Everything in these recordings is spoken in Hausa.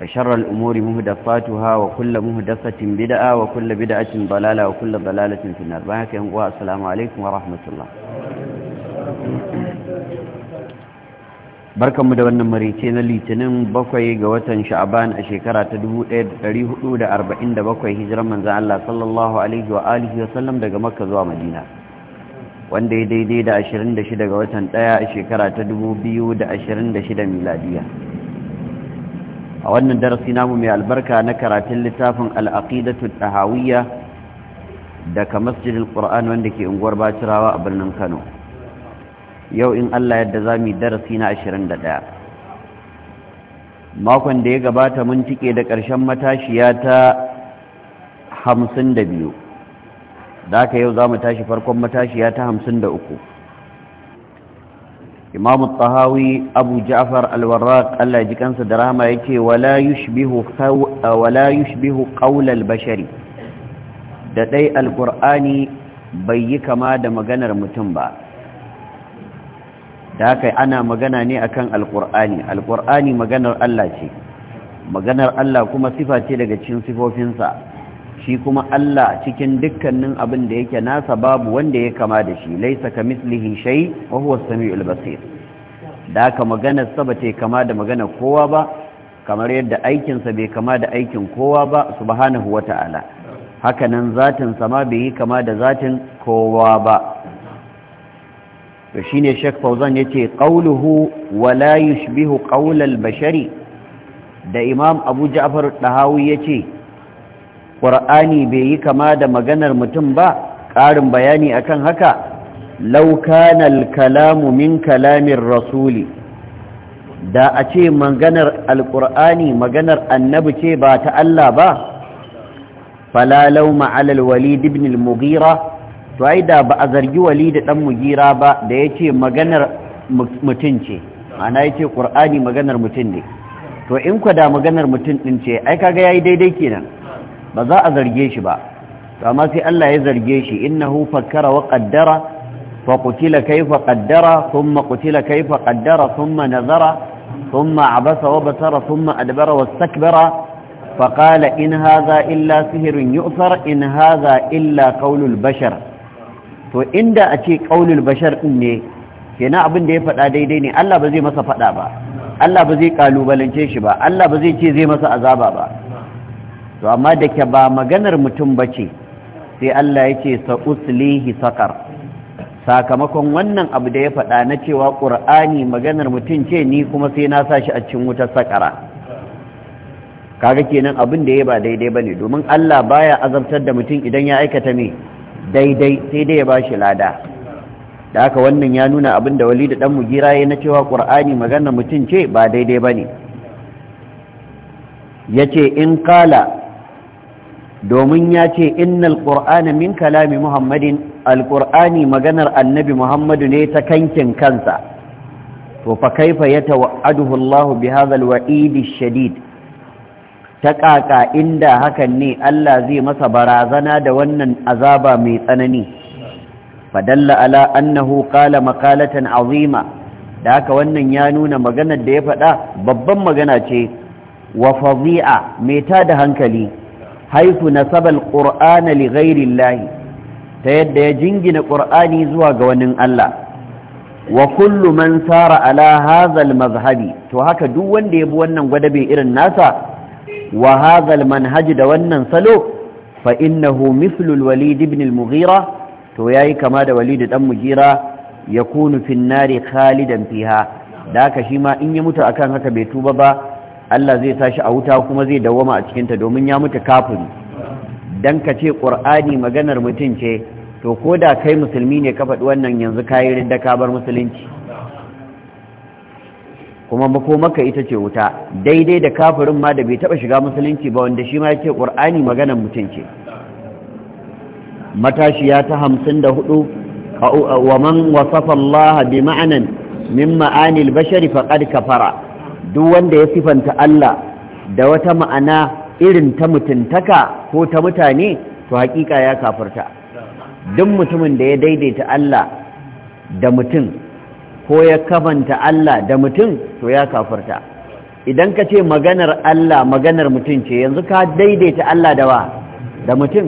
وشر الأمور مهدفاتها وكل مهدفة بدعة وكل بدعة ضلالة وكل ضلالة في النار بحكم والسلام عليكم ورحمة الله barkan mu da wannan marice na litinin bakwai ga watan sha'aban a shekara ta 1447 hijiran manzan Allah sallallahu alaihi wa alihi wa sallam daga makka zuwa madina wanda ya daidai da 26 ga watan 1 a shekara ta 2026 miladiya a wannan darasi namu mai albarka na karatun littafin al'aqidatu tahawiyya daga masjidil qur'an wanda ke unguwar bacirawa a birnin kano yau in allah yadda za mu darasi na 21 makon da ya gabata mun cike da ƙarshen matashiya ta 52 da haka yau za mu tashi farkon matashiya ta 53 imam tahawi abu ja'far al-warraq Allah ji kansa da rahama yake wala yushbihu wala yushbihu qawl al-bashari da dai al-qur'ani bai yi kama da maganar mutum ba da haka ana magana ne akan al-qur'ani al-qur'ani maganar Allah ce maganar Allah kuma sifa ce daga cikin sifofinsa shi kuma Allah cikin dukkanin abin da yake nasa babu wanda ya kama da shi laisa ka mislihi shay wa huwa as-sami'ul basir da haka maganar sa kama da maganar kowa ba kamar yadda aikin sa bai kama da aikin kowa ba subhanahu wata'ala haka nan zatin sa ma bai kama da zatin kowa ba to shine Sheikh Fauzan yace qawluhu wa la yushbihu al-bashari da Imam Abu Ja'far Dahawi yace ƙur'ani bai yi kama da maganar mutum ba ƙarin bayani akan haka laukanal kalamu min kalamin rasuli da a ce maganar alƙur'ani maganar annabi ce ba ta Allah ba falalau ma'alal walid ibn al-mughira to ai da ba a zargi walid dan mughira ba da yace maganar mutun ce ana yace qur'ani maganar mutun ne to in ku da maganar mutun din ce ai kaga yayi daidai kenan ba za a zarge shi ba amma sai Allah ya zarge shi innahu fakkara wa qaddara fa qutila kayfa qaddara thumma qutila kayfa qaddara thumma nazara thumma abasa wa basara thumma adbara wastakbara فقال إن هذا إلا سهر يؤثر إن هذا إلا قول البشر to inda a ce bashar ɗin ne ke abin da ya faɗa daidai ne Allah ba zai masa faɗa ba Allah ba zai ƙalubalance shi ba Allah ba zai ce zai masa azaba ba to amma da ke ba maganar mutum ba ce sai Allah ya ce uslihi sakar sakamakon wannan abu da ya faɗa na cewa ƙur'ani maganar mutum ce ni kuma sai na sa shi a cikin wutar sakara kaga kenan abin da ya ba daidai ba ne domin Allah baya azabtar da mutum idan ya aikata me daidai sai dai ya ba shi lada da haka wannan ya nuna abin da wali da ɗan gira ya na cewa ƙur'ani maganar mutum ce ba daidai ba ne ya ce in kala domin ya ce innal qur'ana min kalami muhammadin alqur'ani maganar annabi muhammadu ne ta kankin kansa to fa kaifa yatawa'aduhu Allah bi hadha alwa'id shadid ta kaka inda hakan ne Allah zai masa barazana da wannan azaba mai tsanani fadalla ala annahu qala maqalatan azima da haka wannan ya nuna maganar da ya faɗa babban magana ce wa fadhi'a mai tada hankali haifu nasabal qur'ana li ghairillahi ta yadda ya jingina qur'ani zuwa ga wani Allah wa kullu man sara ala hadha mazhabi to haka duk wanda ya bi wannan gwadabe irin nasa wa hadha da wannan salo fa innahu mithlu al ibn al to yayi kama da walid dan mughira yakunu fi an-nari khalidan fiha da haka shi ma in ya mutu akan haka bai tuba ba Allah zai tashi a wuta kuma zai dawwama a cikinta domin ya mutu kafiri dan ka ce ƙur'ani maganar mutum ce to ko da kai musulmi ne ka faɗi wannan yanzu kayi ridda ka bar musulunci kuma maka ita ce wuta daidai da kafirin ma da bai taba shiga musulunci ba wanda shi ma ya ce maganar mutum ce matashiya ta hamsin da hudu wa man wasafa Allah bi ma'anan min ma'anil bashari faqad kafara duk wanda ya sifanta Allah da wata ma'ana irin ta mutuntaka ko ta mutane to hakika ya kafarta duk mutumin da ya daidaita Allah da mutum ko ya kamanta Allah da mutum to ya kafarta idan ka ce maganar Allah maganar mutum ce yanzu ka daidaita Allah da wa da mutum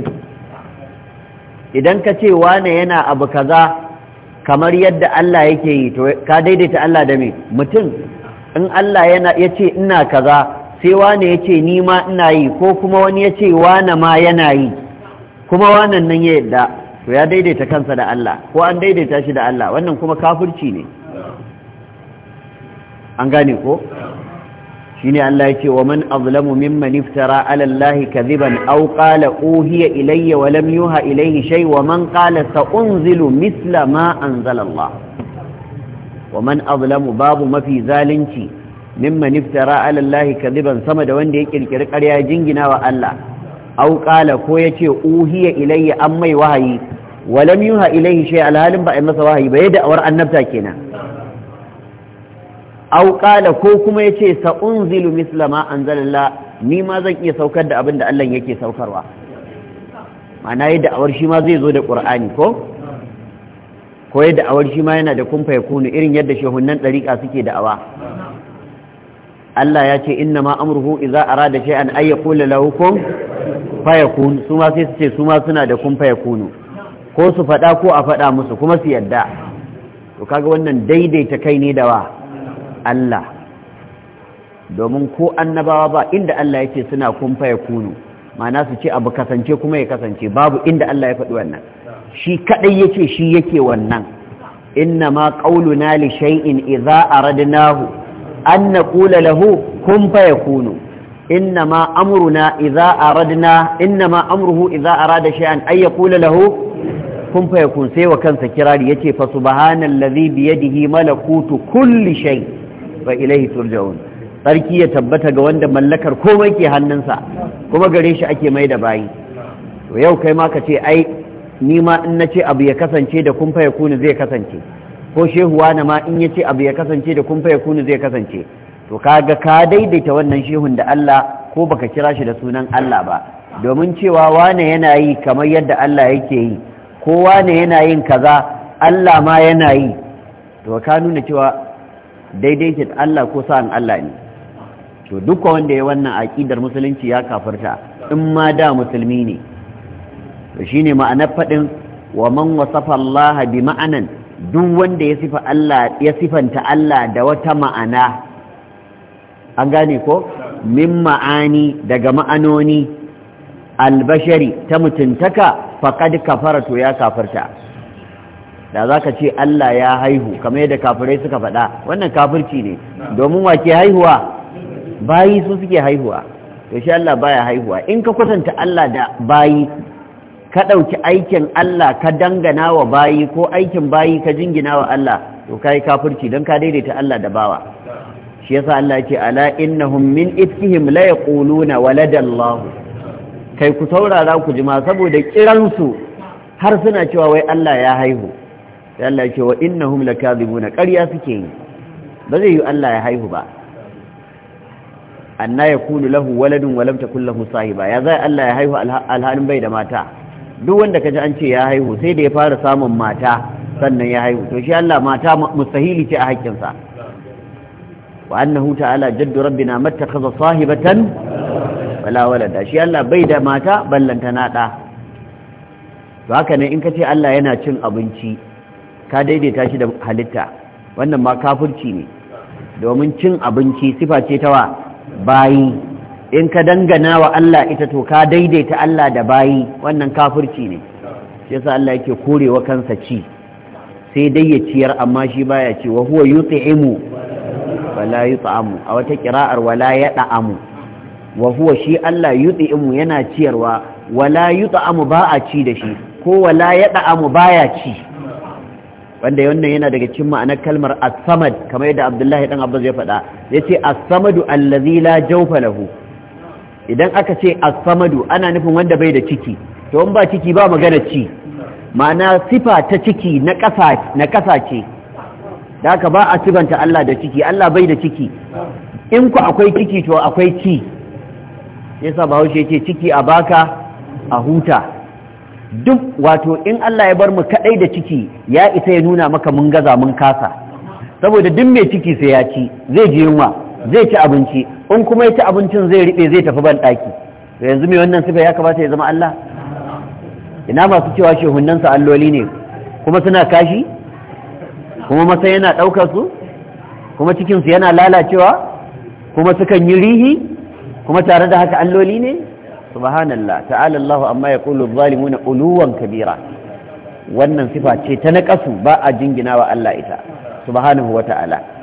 idan ka ce wane yana abu kaza kamar yadda Allah yake yi to ka daidaita Allah da mutum in Allah yana ya ce ina kaza sai wane ya ce ni ma ina yi ko kuma wani ya ce wane ma yana yi kuma wanan nan ya yadda to ya daidaita kansa da Allah ko an daidaita shi da Allah wannan kuma kafirci ne an gane ko shine Allah ya ce wa man azlamu mimman iftara ala Allah kadhiban aw qala uhiya ilayya wa lam yuha ilayhi shay wa man qala sa unzilu mithla ma anzala Allah wa man azlamu babu mafi zalunci mimman iftara ala Allah kadiban sama da wanda ya kirkiri ƙarya jingina wa Allah aw qala ko yace uhiya ilayya an mai wahayi wa lam yuha ilayhi shay alhalin ba ai masa wahayi ba yadda awar annabta kenan aw qala ko kuma yace sa unzilu misla ma anzalallah ni ma zan iya saukar da abin da Allah yake saukarwa ma'ana yadda awar shi ma zai zo da Qur'ani ko ko yadda awar shi ma yana da kumfa ya kunu irin yadda shehunan ɗariƙa suke da'awa Allah ya ce inna ma a rada shi an ay kula lahukun faya kunu. su ma sai su ce su ma suna da ya kunu. ko su faɗa ko a faɗa musu kuma su yadda to kaga wannan daidaita kai ne da wa Allah domin ko annabawa ba inda Allah yake suna ya kunu. ma'ana su ce abu kasance kuma ya kasance babu inda Allah ya faɗi wannan shi kaɗai yake shi yake wannan inna ma qauluna li iza idza aradnahu an naqula lahu kun fayakunu inna ma amruna idza aradna inna ma amruhu idza arada shay'an ay yaqula lahu kun fayakun sai wa kansa kirari Ya yace fa subhanallazi bi yadihi malakutu kun lishai? Ba ilayhi turja'un sarki ya tabbata ga wanda mallakar komai ke hannunsa kuma gare shi ake mai da bayi yau kai ma ka ce ai ni ma in na ce abu ya kasance da kun faya kunu zai kasance ko shehuwa na ma in ya ce abu ya kasance da kun faya kunu zai kasance to kaga ka daidaita wannan shehun da Allah ko baka kira shi da sunan Allah ba domin cewa wane yana yi kamar yadda Allah yake yi ko wane yana yin kaza Allah ma yana yi to ka nuna cewa daidaita Allah ko sa'an Allah ne to duka wanda ya wannan aƙidar musulunci ya kafirta in ma da musulmi ne to shine ma'anar faɗin wa man wasafa Allah bi ma'anan duk wanda ya sifa Allah ya sifanta Allah da wata ma'ana an gane ko min ma'ani daga ma'anoni albashari ta mutuntaka faqad kafara to ya kafarta da zaka ce Allah ya haihu kamar yadda kafirai suka faɗa wannan kafirci ne domin wa ke haihuwa bayi su suke haihuwa to shi Allah baya haihuwa in ka kwatanta Allah da bayi ka ɗauki aikin Allah ka dangana wa bayi ko aikin bayi ka jingina wa Allah to yi kafirci don ka daidaita Allah da bawa shi yasa Allah ce ala innahum min ifkihim la yaquluna waladallahu kai ku saurara ku jima saboda kiransu har suna cewa wai Allah ya haihu sai Allah ya ce wa innahum lakazibuna ƙarya suke yi ba zai yi Allah ya haihu ba anna yakunu lahu waladun wa lam takul lahu sahiba ya zai Allah ya haihu alhalin bai da mata duk wanda ka ji an ce ya haihu sai da ya fara samun mata sannan ya haihu to shi Allah mata mustahili ce a haƙƙinsa wa annahu ta'ala jaddu rabbina mattakhadha sahibatan wala walada shi Allah bai da mata ballanta na da to haka ne in kace Allah yana cin abinci ka daidaita shi da halitta wannan ma kafirci ne domin cin abinci sifa ce ta wa bayi in ka dangana wa Allah ita to ka daidaita Allah da bayi wannan kafirci ne shi yasa Allah yake korewa kansa ci sai dai ya ciyar amma shi baya ci wa huwa yut'imu wala yut'amu a wata qira'ar wala yad'amu wa huwa shi Allah yut'imu yana ciyarwa wala yut'amu ba a ci da shi ko wala yad'amu baya ci wanda wannan yana daga cikin ma'anar kalmar as-samad kamar yadda Abdullahi dan Abbas ya faɗa yace as-samadu allazi la jawfa lahu idan aka ce asamadu ana nufin wanda bai da ciki to in ba ciki ba magana ci ma'ana sifa ta ciki na ƙasa ce da haka ba a sifanta Allah da ciki Allah bai da ciki in ku akwai ciki to akwai ci yasa bahaushe ce ciki a baka a huta duk wato in Allah ya bar mu kadai da ciki ya isa ya nuna maka mun gaza mun kasa saboda duk mai ciki sai ya ci zai ji yunwa zai ci abinci in kuma ya ci abincin zai riɓe zai tafi ban ɗaki yanzu mai wannan sifa ya kamata ya zama Allah ina masu cewa shehunansa alloli ne kuma suna kashi kuma masa yana ɗaukar su kuma cikinsu yana lalacewa kuma sukan yi rihi kuma tare da haka alloli ne subhanallah ta'ala Allah amma ya qulu zalimuna uluwan kabira wannan sifa ce ta naƙasu ba a jinginawa Allah ita subhanahu wa ta'ala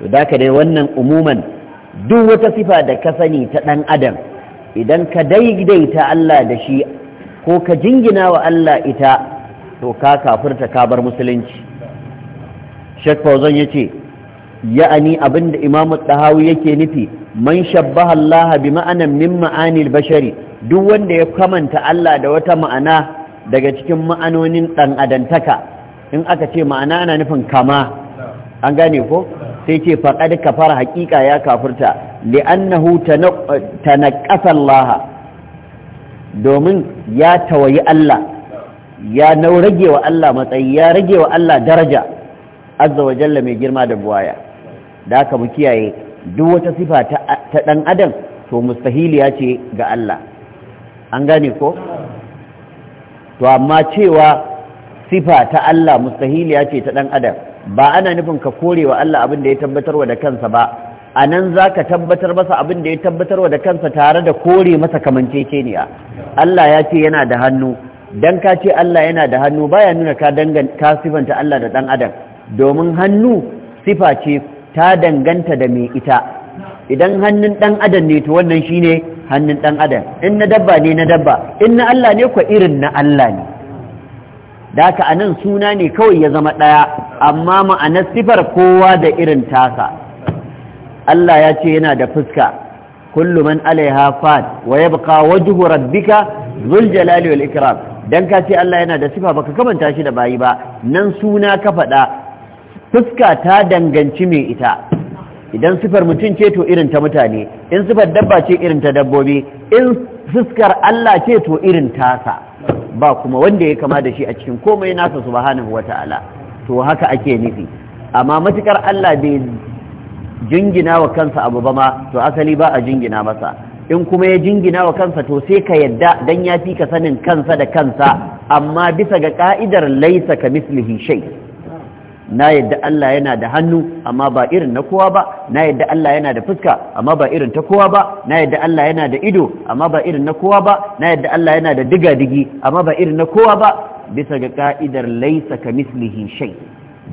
to da ka dai wannan umuman duk wata sifa da ka sani ta ɗan adam idan ka daidaita Allah da shi ko ka jingina wa Allah ita to ka kafirta ka bar musulunci Sheikh Fauzan yace ya'ani abinda Imam ɗahawu yake nufi man shabbaha Allah bi ma'anan min ma'anil bashari duk wanda ya kamanta Allah da wata ma'ana daga cikin ma'anonin dan adantaka in aka ce ma'ana ana nufin kama an gane ko sai ce ka kafara haƙiƙa ya kafurta kafirta li'annahu tanaqasa laha, domin ya tawayi Allah ya nau rage wa Allah matsayi ya rage wa Allah daraja azza wa jalla mai girma da buwaya da aka mu kiyaye duk wata sifa ta ɗan adam to mustahiliya ce ga Allah an gane ko to amma cewa sifa ta Allah mustahiliya ce ta ɗan adam ba ana nufin ka kore wa Allah abin da ya tabbatarwa da kansa ba a nan za ka tabbatar masa abin da ya tabbatarwa da kansa tare da kore masa kamanceceniya Allah ya ce yana da hannu dan ka ce Allah yana da hannu baya nuna ka ka sifanta Allah da ɗan adam domin hannu sifa ce ta danganta da mai ita idan hannun ɗan adam ne to wannan shine hannun ɗan adam in na dabba ne na dabba in na Allah ne kwa irin na Allah ne Daka anan suna ne kawai ya zama ɗaya amma ma'anar sifar kowa da irin tasa Allah ya ce yana da fuska kullu man alaiha fad wa yabqa wajhu rabbika dhul jalali wal ikram dan ka ce Allah yana da sifa baka kamanta shi da bayi ba nan suna ka faɗa fuska ta danganci mai ita idan sifar mutum ce to irin ta mutane in sifar dabba ce irin ta dabbobi in fuskar Allah ce to irin tasa ba kuma wanda ya kama da shi a cikin komai nasa subhanahu wata'ala to haka ake nufi amma matukar Allah bai jingina wa kansa abu ba ma to asali ba a jingina masa in kuma ya jingina wa kansa to sai ka yadda dan ya fi ka sanin kansa da kansa amma bisa ga ka'idar laisa ka mislihi shay na yadda Allah yana da hannu amma ba irin na kowa ba na yadda Allah yana da fuska amma ba irin ta kowa ba na yadda Allah yana da ido amma ba irin na kowa ba na yadda Allah yana da diga-digi amma ba irin na kowa ba bisa ga ka'idar laisa ka mislihi shai.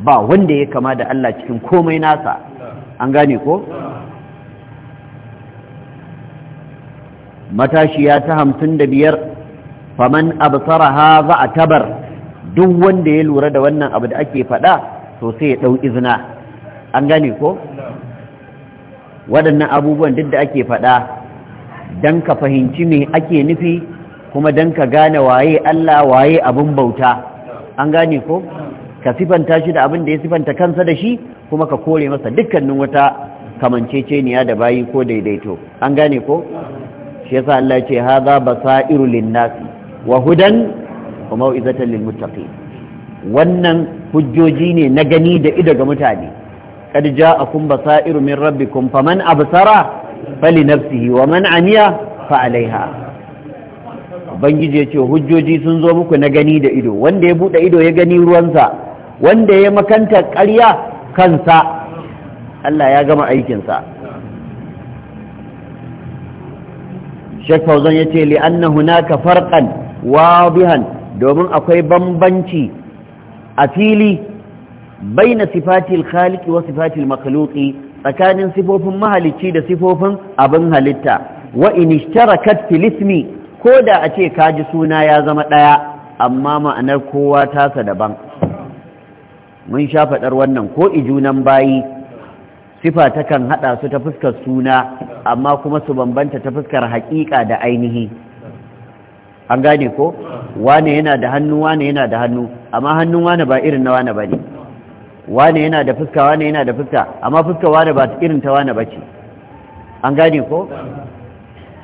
ba wanda ya kama da Allah cikin komai nasa an gane ko matashiya ta hamsin da biyar faman ha za a tabar duk wanda ya lura da wannan abu da ake faɗa to sai ya ɗau izina an gane ko waɗannan abubuwan duk da ake faɗa don ka fahimci me ake nufi kuma don ka gane waye Allah waye abin bauta an gane ko ka sifanta shi da abin da ya sifanta kansa da shi kuma ka kore masa dukkanin wata kamanceceniya da bayi ko daidaito an gane ko shi yasa Allah ce hadha basairu lin wa hudan wa mau'izatan lil wannan hujjoji ne na gani da ido ga mutane kad ja'akum basairu min rabbikum faman absara falinafsihi wa man amiya fa alaiha ubangiji ya ce hujjoji sun zo muku na gani da ido wanda ya buɗe ido ya gani ruwansa wanda ya makanta ƙarya kansa Allah ya gama aikinsa Sheikh Fauzan ya ce li'anna hunaka farqan wadihan domin akwai bambanci a fili baina sifatil khaliqi wa sifatil makhluqi tsakanin sifofin mahalicci da sifofin abin halitta wa in ishtarakat fil ismi ko da a ce kaji suna ya zama ɗaya amma ma'anar kowa tasa daban mun sha faɗar wannan ko ijunan bayi sifa ta kan haɗa su ta fuskar suna amma kuma su bambanta ta fuskar haƙiƙa da ainihi an gane ko wane yana da hannu wane yana da hannu amma hannun wane ba irin na wane ba ne wane yana da fuska wane yana da fuska amma fuska wane ba irin ta wane ba ce an gane ko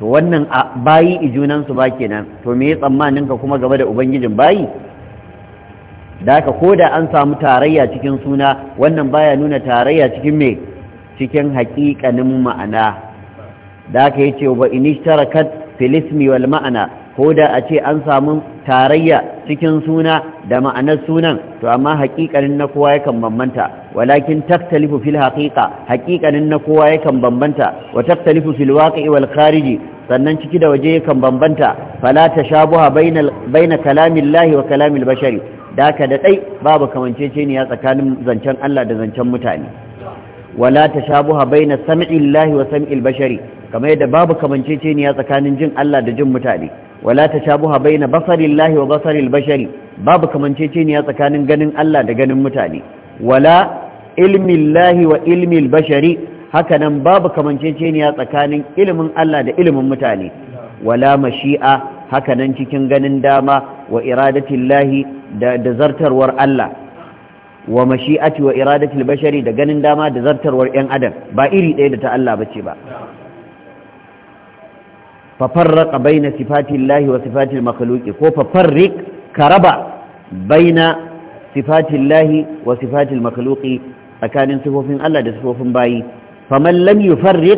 to wannan bayi ijunan su ba kenan to me ya tsammanin ka kuma gaba da ubangijin bayi da haka ko da an samu tarayya cikin suna wannan baya nuna tarayya cikin me cikin haƙiƙanin ma'ana da haka ce wa inishtarakat fil ismi wal ma'ana ko da a ce an samu tarayya cikin suna da ma'anar sunan to amma haƙiƙanin na kowa yakan bambanta walakin taktalifu fil haqiqa haqiqanin na kowa yakan bambanta wa taktalifu fil waqi'i wal khariji sannan ciki da waje yakan bambanta fala tashabuha bainal baina kalamillahi wa kalamil bashari daka da dai babu kamanceceniya tsakanin zancen Allah da zancen mutane wala tashabuha baina sam'illahi wa sam'il bashari kamar yadda babu kamanceceniya tsakanin jin Allah da jin mutane wala tashabuha baina basarillahi wa basaril bashari babu kamanceceniya tsakanin ganin Allah da ganin mutane wala ilmin lahi wa ilmin bashari hakanan babu kamanceceniya tsakanin ilimin Allah da ilimin mutane wala mashi'a hakanan cikin ganin dama wa iradatin lahi da zartarwar Allah wa mashi'ati wa iradatil bashari da ganin dama da zartarwar 'yan adam ba iri ɗaya da ta Allah bace ba fafarraka baina sifatin lahi wa sifatin makhluki ko fafarrik ka raba baina sifatin lahi wa sifatin makhluki tsakanin sifofin Allah da sifofin bayi faman lam nahu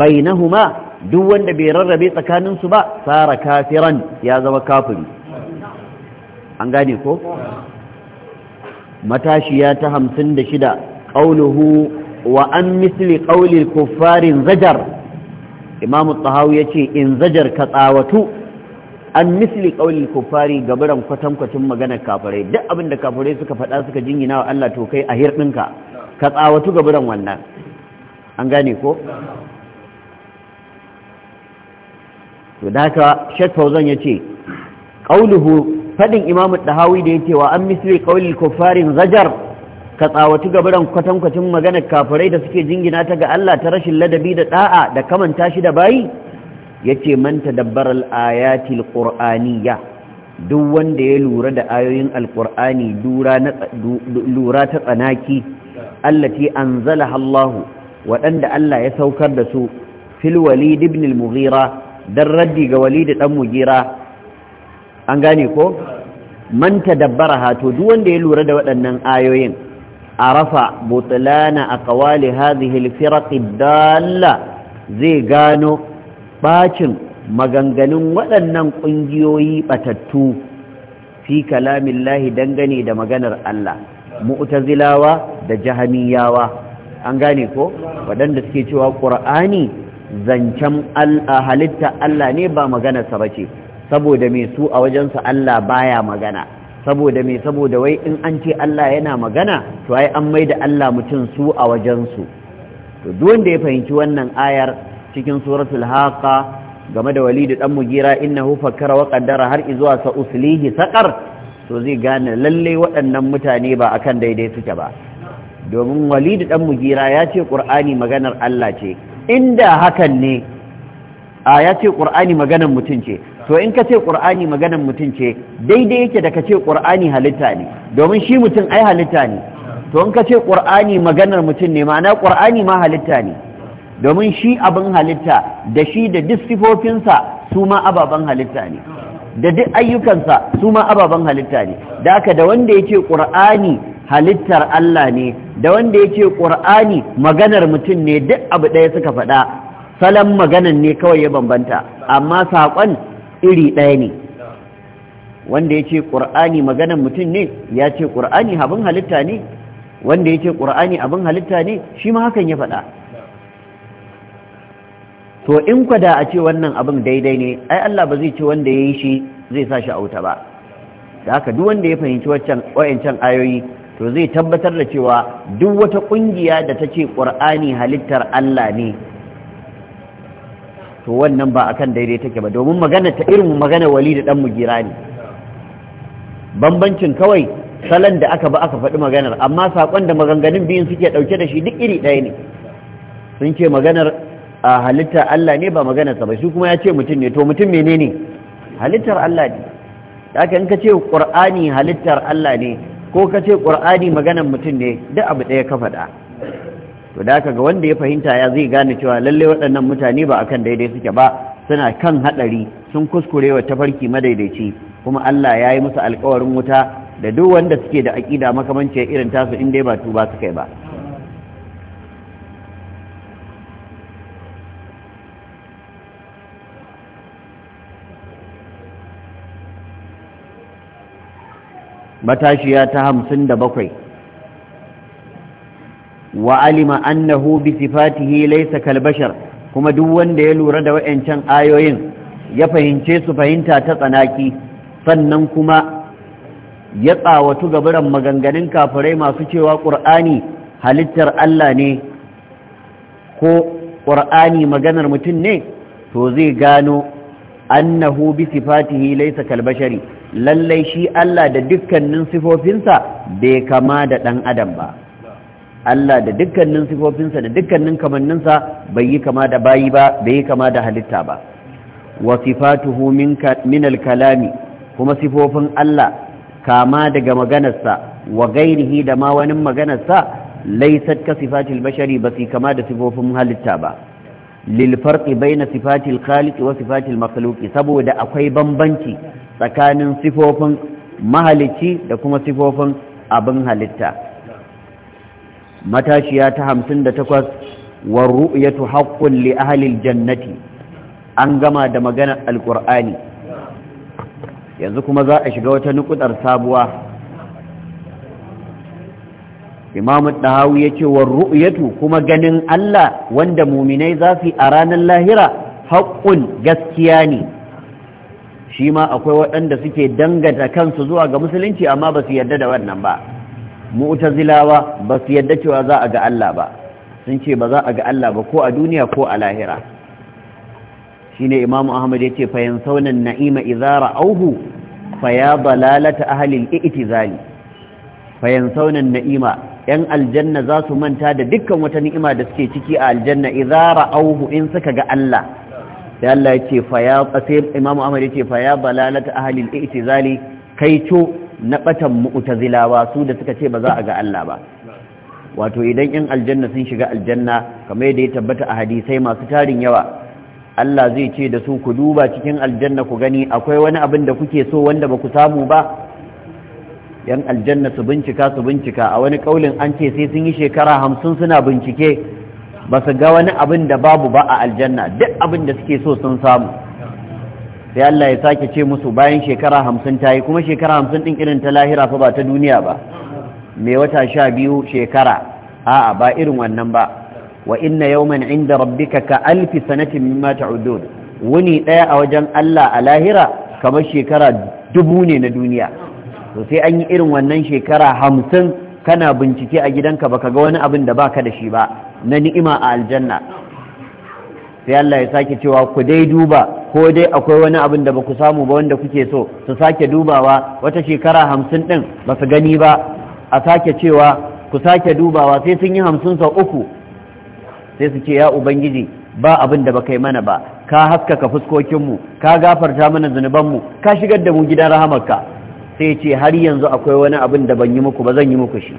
bainahuma duk wanda bai rarrabe tsakanin su ba sara kafiran ya zama kafiri an gane ko matashiya ta shida, qauluhu wa an misli qaulil kuffarin zajar imamu tahawi yace in zajar ka tsawatu an misli ƙaunin kufari gabaran kwatankwacin maganar kafirai duk abin da kafirai suka faɗa suka jinyina wa Allah to kai a hirɗinka ka tsawatu ga biran wannan an gane ko to da haka shek fauzan ya ce ƙauluhu faɗin imamu ɗahawi da ya ce wa an misli ƙaulil kuffarin zajar ka tsawatu ga biran kwatankwacin maganar kafirai da suke jingina ta ga Allah ta rashin ladabi da ɗa'a da kamanta shi da bayi ya ce man tadabbar al'ayatil ƙur'aniyya duk wanda ya lura da ayoyin alkur'ani lura ta tsanaki allati anzalaha Allah waɗanda Allah ya saukar da su fil walid ibn al-mughira dan raddi ga walid dan mughira an gane ko man tadabbaraha to duk wanda ya lura da waɗannan ayoyin arafa butlana aqwali hadhihi al-firaq dalla zai gano bacin maganganun waɗannan ƙungiyoyi batattu fi kalamin lahi dangane da maganar Allah mu'tazilawa da jahamiyawa an gane ko waɗanda suke cewa ƙur'ani zancen halitta Allah ne ba maganarsa ba ce saboda mai su a wajensa Allah baya magana saboda mai saboda wai in an ce Allah yana magana to ai an maida Allah mutum su a wajensu to duk wanda ya fahimci wannan ayar cikin suratul haka game da walidu dan mugira innahu fakkara wa qaddara har izuwa sa uslihi saqar to zai gane lalle waɗannan mutane ba akan daidai suke ba domin walidu dan mugira ya ce ƙur'ani maganar Allah ce inda hakan ne a ya ce ƙur'ani maganar mutum ce to in ka ce ƙur'ani maganar mutum ce daidai yake da ka ce ƙur'ani halitta ne domin shi mutum ai halitta ne to in ka ce ƙur'ani maganar mutum ne ma'ana ƙur'ani ma halitta ne domin shi abin halitta da shi da duk sifofinsa su ma ababen halitta ne da duk ayyukansa su ma ababen halitta ne da haka da wanda ya ce ƙur'ani halittar Allah ne da wanda yake ƙur'ani maganar mutum ne duk abu ɗaya suka faɗa salon maganan ne kawai ya bambanta amma saƙon iri ɗaya ne wanda ya ce ƙur'ani maganar mutum ne ya ce ƙur'ani abin halitta ne wanda ya ƙur'ani abin halitta ne shi ma hakan ya faɗa to in ku da a ce wannan abin daidai ne ai Allah ba zai ce wanda ya yi shi zai sa shi a wuta ba da haka duk wanda ya fahimci waccan wayancan ayoyi to zai tabbatar da cewa duk wata ƙungiya da ta ce ƙur'ani halittar Allah ne to wannan ba akan daidai take ba domin magana ta irin magana wali da ɗan mugira ne bambancin kawai salon da aka ba aka faɗi maganar amma saƙon da maganganun biyun suke ɗauke da shi duk iri ɗaya ne sun ce maganar a halittar Allah ne ba maganarsa ba shi kuma ya ce mutum ne to mutum menene halittar Allah ne haka in ka ce ƙur'ani halittar Allah ne ko ka ce ƙur'ani maganar mutum ne Da abu ɗaya ka faɗa to da haka ga wanda ya fahimta ya zai gane cewa lalle waɗannan mutane ba akan daidai suke ba suna kan haɗari sun kuskure wa tafarki madaidaici kuma Allah ya yi musu alkawarin wuta da duk wanda suke da aƙida makamancin irin tasu in dai ba tuba suka kai ba matashiya ta hamsin da bakwai wa alima annahu bi sifatihi laysa kal bashar kuma duk wanda ya lura da wayancan ayoyin ya fahimce su fahimta ta tsanaki sannan kuma ya tsawatu gaburan maganganun kafirai masu cewa qur'ani halittar Allah ne ko qur'ani maganar mutum ne to zai gano annahu bi sifatihi laysa kal bashari lallai shi Allah da dukkanin sifofinsa bai kama da ɗan adam ba Allah da dukkanin sifofinsa da dukkanin kamanninsa bai yi kama da bayi ba bai yi kama da halitta ba wa sifatuhu min al-kalami kuma sifofin Allah kama daga maganarsa wa gairihi da ma wani maganarsa laysat ka sifatil bashari ba su kama da sifofin halitta ba lil farqi baina sifatil khaliq wa sifatil makhluq saboda akwai bambanci tsakanin sifofin mahalicci da kuma sifofin abin halitta matashiya ta hamsin da takwas war ru'yatu haqqun li jannati an gama da maganar Alƙur'ani. yanzu kuma za a shiga wata nukudar sabuwa imamu dahawi ya war ru'yatu kuma ganin Allah wanda muminai za su a ranar lahira haƙƙun gaskiya ne shi ma akwai waɗanda suke dangata kansu zuwa ga musulunci amma ba su yarda da wannan ba Mu'u-ta-zilawa ba su yarda cewa za a ga Allah ba sun ce ba za a ga Allah ba ko a duniya ko a lahira Shi ne imamu ahmad ya ce, fayan saunan na'ima izara auhu fa ya dalalata ahli al-i'tizali Fayan saunan na'ima yan aljanna za su manta da dukkan wata ni'ima da suke ciki a aljanna izara auhu in suka ga Allah sai Allah ya ce fa ya sai Imam Ahmad ya ce fa ya balalat ahli al kai co na batan mu'tazilawa su da suka ce ba za a ga Allah ba wato idan yan aljanna sun shiga aljanna kamar yadda ya tabbata a hadisai masu tarin yawa Allah zai ce da su ku duba cikin aljanna ku gani akwai wani abin da kuke so wanda ba ku samu ba yan aljanna su bincika su bincika a wani kaulin an ce sai sun yi shekara hamsin suna bincike ba su ga wani abin da babu ba a aljanna duk abin da suke so sun samu sai Allah ya sake ce musu bayan shekara hamsin ta yi kuma shekara hamsin ɗin irin ta lahira fa ba ta duniya ba mai wata sha biyu shekara a'a ba irin wannan ba wa inna yawman inda rabbika ka alfi sanatin mimma ta'udun wuni ɗaya a wajen Allah a lahira kamar shekara dubu ne na duniya to sai an yi irin wannan shekara hamsin kana bincike a gidanka baka ga wani abin da baka da shi ba na ni'ima a aljanna sai Allah ya sake cewa ku dai duba ko dai akwai wani abin da baku samu ba wanda kuke so su sake dubawa wata shekara hamsin ɗin ba su gani ba a sake cewa ku sake dubawa sai sun yi hamsin sau uku sai su ce ya ubangiji ba abin da baka yi mana ba ka haskaka fuskokinmu ka gafarta mana zunubanmu ka shigar da mu gidan rahamarka sai ce har yanzu akwai wani abin da ban yi muku ba zan yi muku shi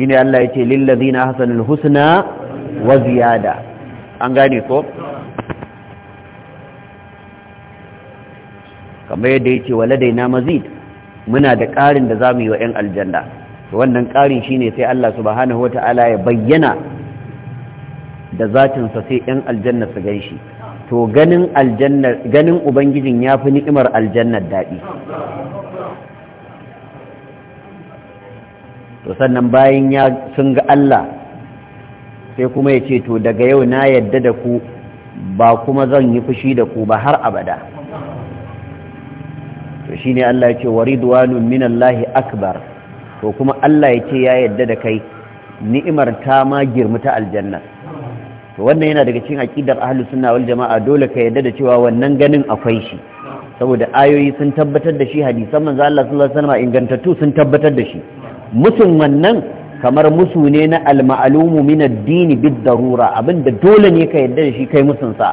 shine Allah yace lil ladina hasanul husna wa ziyada an gane ko kamar yadda yace waladaina mazid muna da ƙarin da zamu yi wa ƴan aljanna wannan ƙarin shine sai Allah subhanahu wataala ya bayyana da zatinsa sai ƴan aljanna su gan shi to ganin ganin ubangijin ya fi ni'imar aljannar daɗi to sannan bayan ya sun ga Allah sai kuma ya ce to daga yau na yadda da ku ba kuma zan yi fushi da ku ba har abada to shi ne Allah ya ce wa min Allahi akbar to kuma Allah ya ce ya yadda da kai ni'imar ta ma girmi ta aljanna to wannan yana daga cikin aqidar ahlus sunna wal jamaa dole ka yadda da cewa wannan ganin akwai shi saboda ayoyi sun tabbatar da shi hadisan manzo Allah sallallahu alaihi wasallam ingantattu sun tabbatar da shi Mutum wannan kamar musu ne na alma'alumu min addini bid darura abinda dole ne ka yarda da shi kai musun sa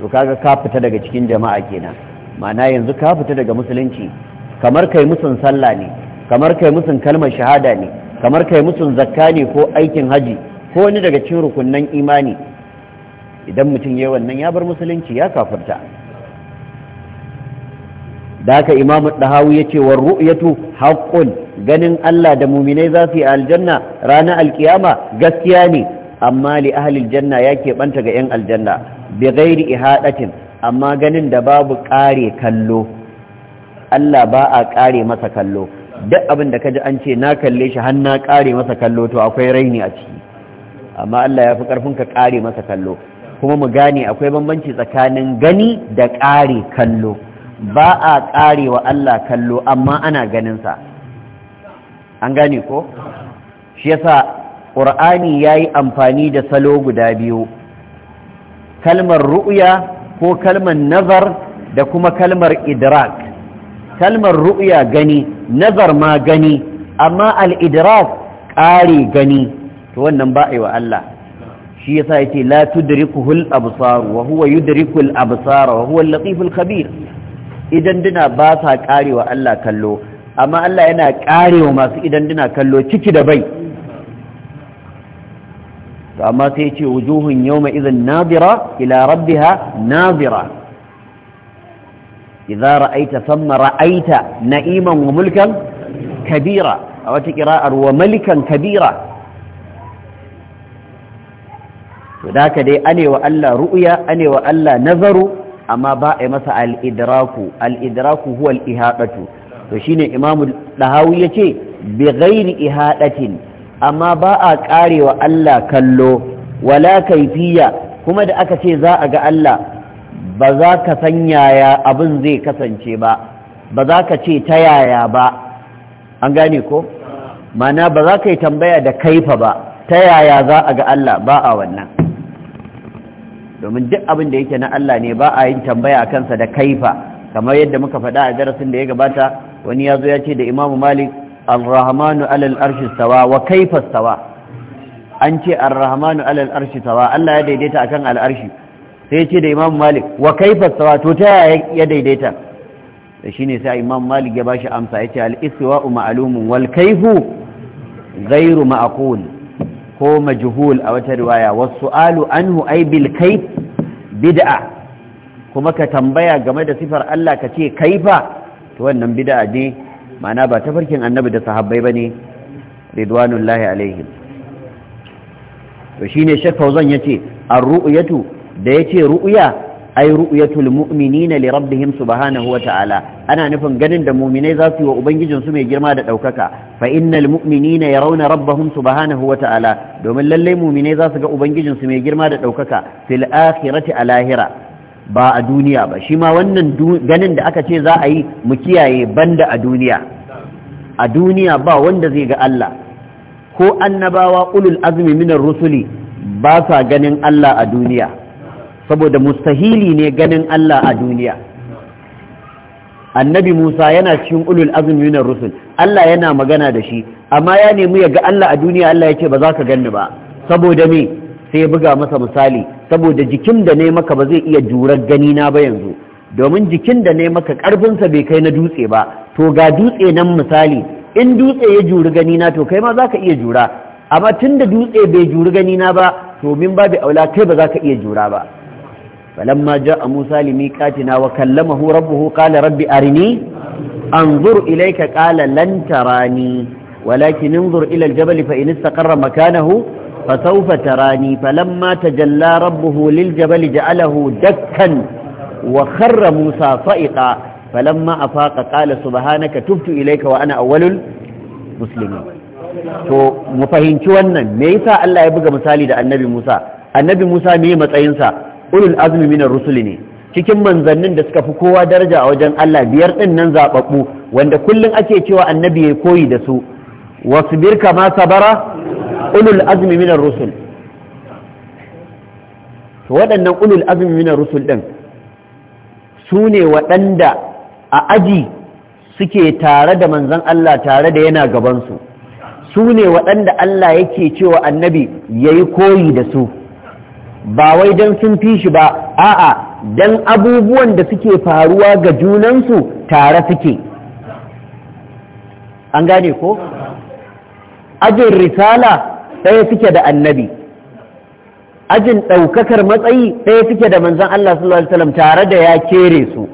to kaga ka fita daga cikin jama'a kenan ma'ana yanzu ka fita daga musulunci kamar kai musun sallah ne kamar kai musun kalmar shahada ne kamar kai musun zakka ne ko aikin haji ko wani daga cikin rukunnan imani idan mutum yayi wannan ya bar musulunci ya kafirta da haka imamu dahawi ya ce war ru'yatu haqqun ganin Allah da muminai za su yi aljanna ranar alkiyama gaskiya ne amma li ahli aljanna ya keɓanta ga 'yan aljanna bi ghairi ihadatin amma ganin da babu ƙare kallo Allah ba a ƙare masa kallo duk abin da kaji an ce na kalle shi har na ƙare masa kallo to akwai raini a ciki amma Allah ya fi ƙarfin ka ƙare masa kallo kuma mu gane akwai bambanci tsakanin gani da ƙare kallo ba a ƙare wa Allah kallo amma ana ganinsa an gane ko shi yasa ƙur'ani ya yi amfani da salo guda biyu kalmar ru'ya ko kalmar nazar da kuma kalmar idrak kalmar ru'ya gani nazar ma gani amma al-idrak ƙare gani to wannan ba a yi wa Allah shi yasa yace la tudrikuhu al-absar wa huwa yudriku al wa huwa al khabir idan duna ba sa karewa Allah kallo amma Allah yana wa masu idan kallo ciki da bai to amma sai ce wujuhun yawma izin Nazira, ila rabbiha Nazira, idza ra'aita samma ra'aita na'iman wa mulkan kabira a wata kira'ar wa malikan kabira to da ka dai anewa Allah ru'uya anewa Allah nazaru amma ba a masa alidraku idraku al-idraku huwa al to shine imamu ya yace bi ghairi ihadatin amma ba a wa Allah kallo wala kaifiya kuma da aka ce za a ga Allah ba za ka san yaya abin zai kasance ba ba za ka ce ta yaya ba an gane ko mana ba za ka yi tambaya da kaifa ba ta yaya za a ga Allah ba a wannan domin duk abin da yake na Allah ne ba a yin tambaya a kansa da kaifa kamar yadda muka faɗa a darasin da ya gabata wani ya zo ya ce da imamu malik al-rahmanu alal arshi sawa wa kaifa sawa an ce al-rahmanu alal arshi sawa Allah ya daidaita akan al-arshi sai ce da imamu malik wa kaifa sawa to ta yaya ya daidaita da shine sai imamu malik ya bashi amsa ya ce al-istiwa'u ma'lumun wal kayfu ghairu ma'qul ko majhul a wata riwaya wasu'alu anhu aibil bil kayf bid'a kuma ka tambaya game da sifar Allah ka ce kaifa to wannan bid'a ne ma'ana ba farkin annabi da sahabbai ba ne? ridwanullahi alaihim to shine shek Fauzan yace ar-ru'yatu da yace ru'ya ai ru'yatul mu'minina li rabbihim subhanahu wa ta'ala ana nufin ganin da mu'minai za su yi wa ubangijin su mai girma da daukaka fa innal mu'minina yarawna rabbahum subhanahu wa ta'ala domin lalle mu'minai za su ga ubangijin su mai girma da daukaka fil akhirati a lahira ba a duniya ba shi ma wannan ganin da aka ce za a yi mu kiyaye banda a duniya a duniya ba wanda zai ga Allah ko annabawa ulul azmi minar rusuli ba sa ganin Allah a duniya saboda mustahili ne ganin Allah a duniya annabi Musa yana cikin ulul azumi na rusul Allah yana magana da shi amma ya nemi ya ga Allah a duniya Allah ya ce ba za ka ganni ba saboda me sai ya buga masa misali saboda jikin da ne maka ba zai iya jurar gani na ba yanzu domin jikin da ne maka karfinsa bai kai na dutse ba to ga dutse nan misali in dutse ya juri gani na to kai ma za ka iya jura amma tun da dutse bai juri gani na ba to min babu aula kai ba za ka iya jura ba فلما جاء موسى لميقاتنا وكلمه ربه قال رب أرني أنظر إليك قال لن تراني ولكن انظر إلى الجبل فإن استقر مكانه فسوف تراني فلما تجلى ربه للجبل جعله دكا وخر موسى صائقا فلما أفاق قال سبحانك تبت إليك وأنا أول المسلمين to mu fahimci wannan me yasa Allah ya buga misali da Annabi Musa Annabi Musa me matsayinsa ulul azmi minar rusuli ne cikin manzannin da suka fi kowa daraja a wajen Allah biyar ɗin nan zababbu wanda kullum ake cewa annabi ya koyi da su wasu birka ma sabara ulul azmi minar rusul to waɗannan ulul azmi minar rusul din su ne waɗanda a aji suke tare da manzan Allah tare da yana gabansu su ne waɗanda Allah yake cewa annabi ya yi koyi da su ba wai don sun fi shi ba a'a don abubuwan da suke faruwa ga junansu tare suke an gane ko ajin risala ɗaya suke da annabi ajin ɗaukakar matsayi ɗaya suke da manzan Allah sallallahu Alaihi wasallam tare da ya kere su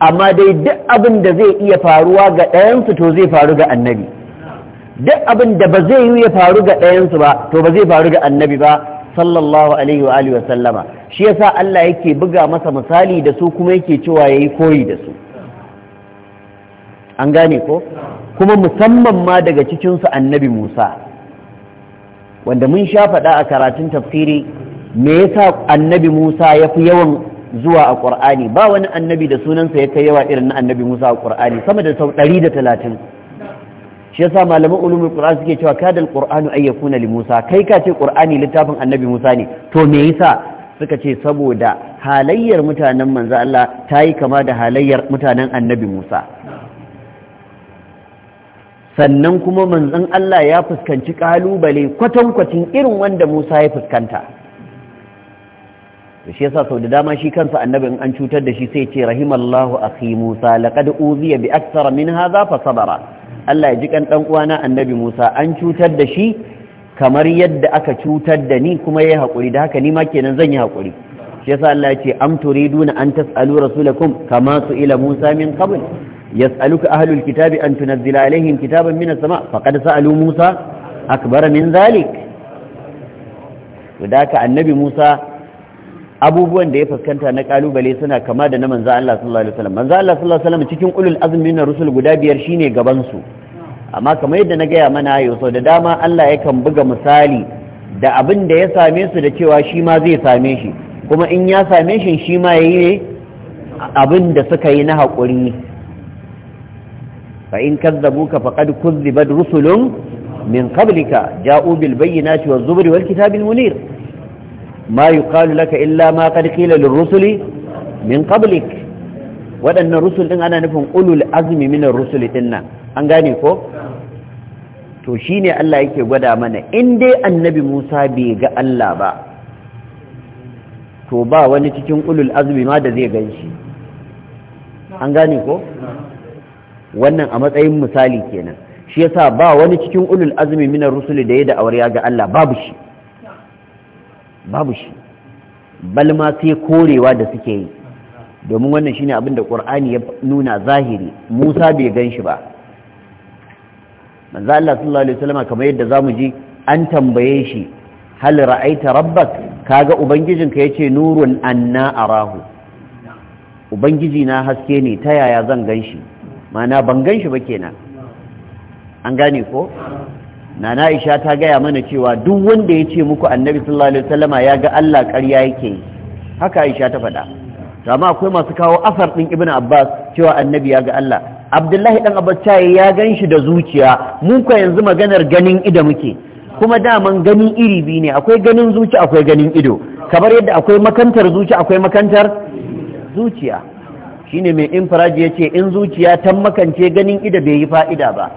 amma dai duk abin da zai iya faruwa ga ɗayansu to zai faru ga annabi duk abin da ba zai yi ya faru ga ɗayansu ba to ba zai faru ga annabi ba sallallahu alaihi wa alihi sallama shi yasa Allah yake buga masa misali da su kuma yake cewa yayi koyi da su an gane ko kuma musamman ma daga cikin su annabi Musa wanda mun sha faɗa a karatun tafsiri me yasa annabi Musa ya fi yawan zuwa a Qur'ani ba wani annabi da sunansa ya kai yawa irin na annabi Musa a Qur'ani sama da sau 130 shi yasa malaman ulumul qur'an suke cewa kada alqur'anu ay yakuna li musa kai ka ce qur'ani littafin annabi musa ne to me yasa suka ce saboda halayyar mutanen manzo Allah ta yi kama da halayyar mutanen annabi musa sannan kuma manzon Allah ya fuskanci kalubale kwatankwacin irin wanda musa ya fuskanta da shi yasa sau da dama shi kansa annabi in an cutar da shi sai ce rahimallahu akhi musa laqad uziya bi aktsara min hadha fa sabara Allah ya ji kan dan uwana annabi Musa an cutar da shi kamar yadda aka cutar da ni kuma yayi hakuri da haka ni ma kenan zan yi hakuri shi yasa Allah ya ce am turiduna an tasalu rasulakum kama su ila Musa min qabl yas'aluka ahlul kitabi an tunzila alaihim kitaban minas sama faqad sa'alu Musa akbara min zalik da haka annabi Musa abubuwan da ya fuskanta na kalubale suna kama da na manzo Allah sallallahu alaihi wasallam manzo Allah sallallahu alaihi wasallam cikin ulul azmi na rusul guda biyar shine gaban su amma kamar yadda na gaya mana yau sau da dama Allah yakan buga misali da abin da ya same su da cewa shi ma zai same shi kuma in ya same shi shi ma yayi ne abin da suka yi na haƙuri fa in kazzabuka faqad kuzzibat rusulun min qablika ja'u bil bayyinati waz zubri wal kitabil munir ما يقال laka illa ma قد قيل للرسل من قبلك waɗannan الرسل din ana nufin ulul azmi من الرسل rusuli dinnan an gane ko to shine Allah yake gwada mana in dai annabi Musa bai ga Allah ba to ba wani cikin ulul azmi ma da zai ganshi an gane ko wannan a matsayin misali kenan shi yasa ba wani cikin ulul azmi minar rusuli da ya da ya ga Allah babu shi babu shi bal ma sai korewa da suke yi domin wannan shine abin da qur'ani ya nuna zahiri Musa bai ganshi ba manzo Allah sallallahu alaihi wasallam kamar yadda zamu ji an tambaye shi hal ra'aita rabbak kaga ka yace nurun anna arahu ubangiji na haske ne ta yaya zan gan shi mana ban gan shi ba kenan an gane ko nana Aisha ta gaya mana cewa duk wanda ya ce muku annabi sallallahu alaihi wasallama ya ga Allah ƙarya yake haka Aisha ta faɗa to amma akwai masu kawo asar ɗin Ibn Abbas cewa annabi ya ga Allah Abdullahi dan Abbas tayi ya shi da zuciya mun ko yanzu maganar ganin ido muke kuma daman ganin iri biyu ne akwai ganin zuci akwai ganin ido kamar yadda akwai makantar zuci akwai makantar zuciya shine mai infiraji ya ce in zuciya ta makance ganin ido bai yi fa'ida ba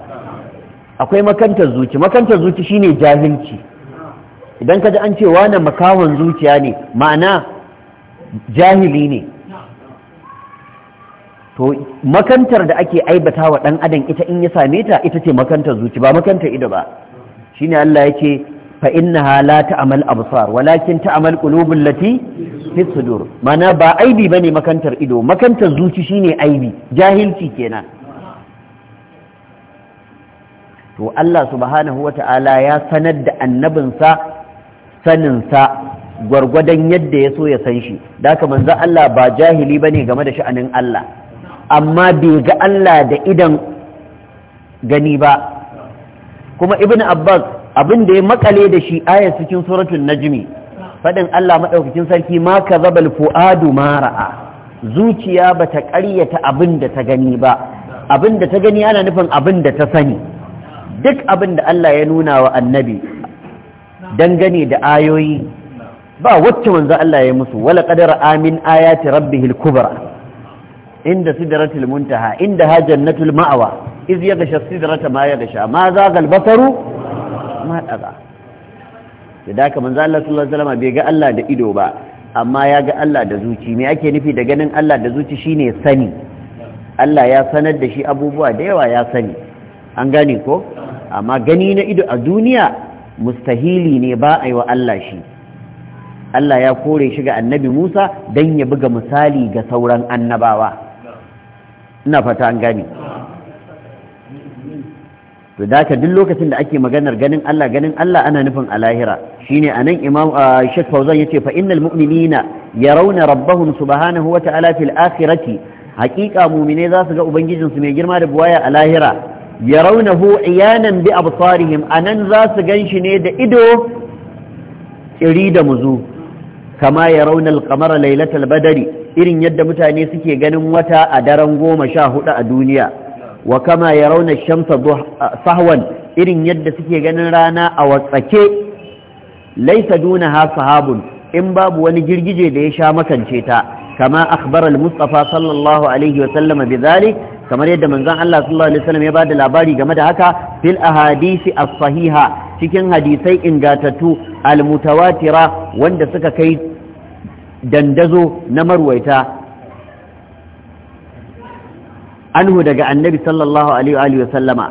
akwai makantar zuci makantar zuci shine jahilci idan ka ji an ce wani makahon zuciya ne ma'ana jahili ne to makantar da ake aibata wa ɗan adam ita in ya same ta ita ce makantar zuci ba makantar ido ba shine Allah yake ce fa innaha la ta'mal absar walakin ta'mal qulubul lati fi sudur Ma'ana ba aibi bane makantar ido makantar zuci shine aibi jahilci kenan to Allah subhanahu ta'ala ya sanar da annabinsa saninsa gwargwadon yadda ya so ya san shi da haka manzo Allah ba jahili ba ne game da sha'anin Allah amma bai ga Allah da idan gani ba kuma ibn Abbas abin da ya makale da shi ayat cikin suratul najmi fadin Allah madaukakin sarki ma kazabal fuadu ma ra'a zuciya bata ƙaryata abin da ta gani ba abin da ta gani ana nufin abin da ta sani duk abin da Allah ya nuna wa annabi dangane da ayoyi ba wacce manzo Allah ya musu wala qadara amin ayati rabbihil kubra inda sidratil muntaha inda ha jannatul ma'wa iz yaghsha sidrata ma yaghsha ma zagal basaru ma daga da daka manzo Allah sallallahu alaihi wasallam bai ga Allah da ido ba amma ya ga Allah da zuci me ake nufi da ganin Allah da zuci shine sani Allah ya sanar da shi abubuwa da yawa ya sani an gane ko amma gani na ido a duniya mustahili ne ba a yi wa Allah shi Allah ya kore shi ga annabi Musa don ya buga misali ga sauran annabawa ina fata an gani to da duk lokacin da ake maganar ganin Allah ganin Allah ana nufin a lahira shine anan imam Sheikh Fauzan yace fa innal mu'minina yarawna rabbahum subhanahu wa ta'ala fil akhirati haqiqa mu'mine za su ga ubangijinsu mai girma da buwaya a lahira yarawnahu iyanan bi absarihim anan za su ganshi ne da ido iri da muzu kama yarawna al-qamara laylatal badri irin yadda mutane suke ganin wata a daren goma sha hudu a duniya wa kama yarawna shamsa sahwan irin yadda suke ganin rana a watsake laisa dunaha sahabun in babu wani girgije da ya sha makance ta kama akhbara al-mustafa sallallahu alaihi wa sallama bidhalik kamar yadda manzon Allah sallallahu alaihi wasallam ya ba da labari game da haka fil ahadisi as-sahiha cikin hadisai ingatattu al-mutawatira wanda suka kai dandazo na marwaita anhu daga annabi sallallahu alaihi wa sallama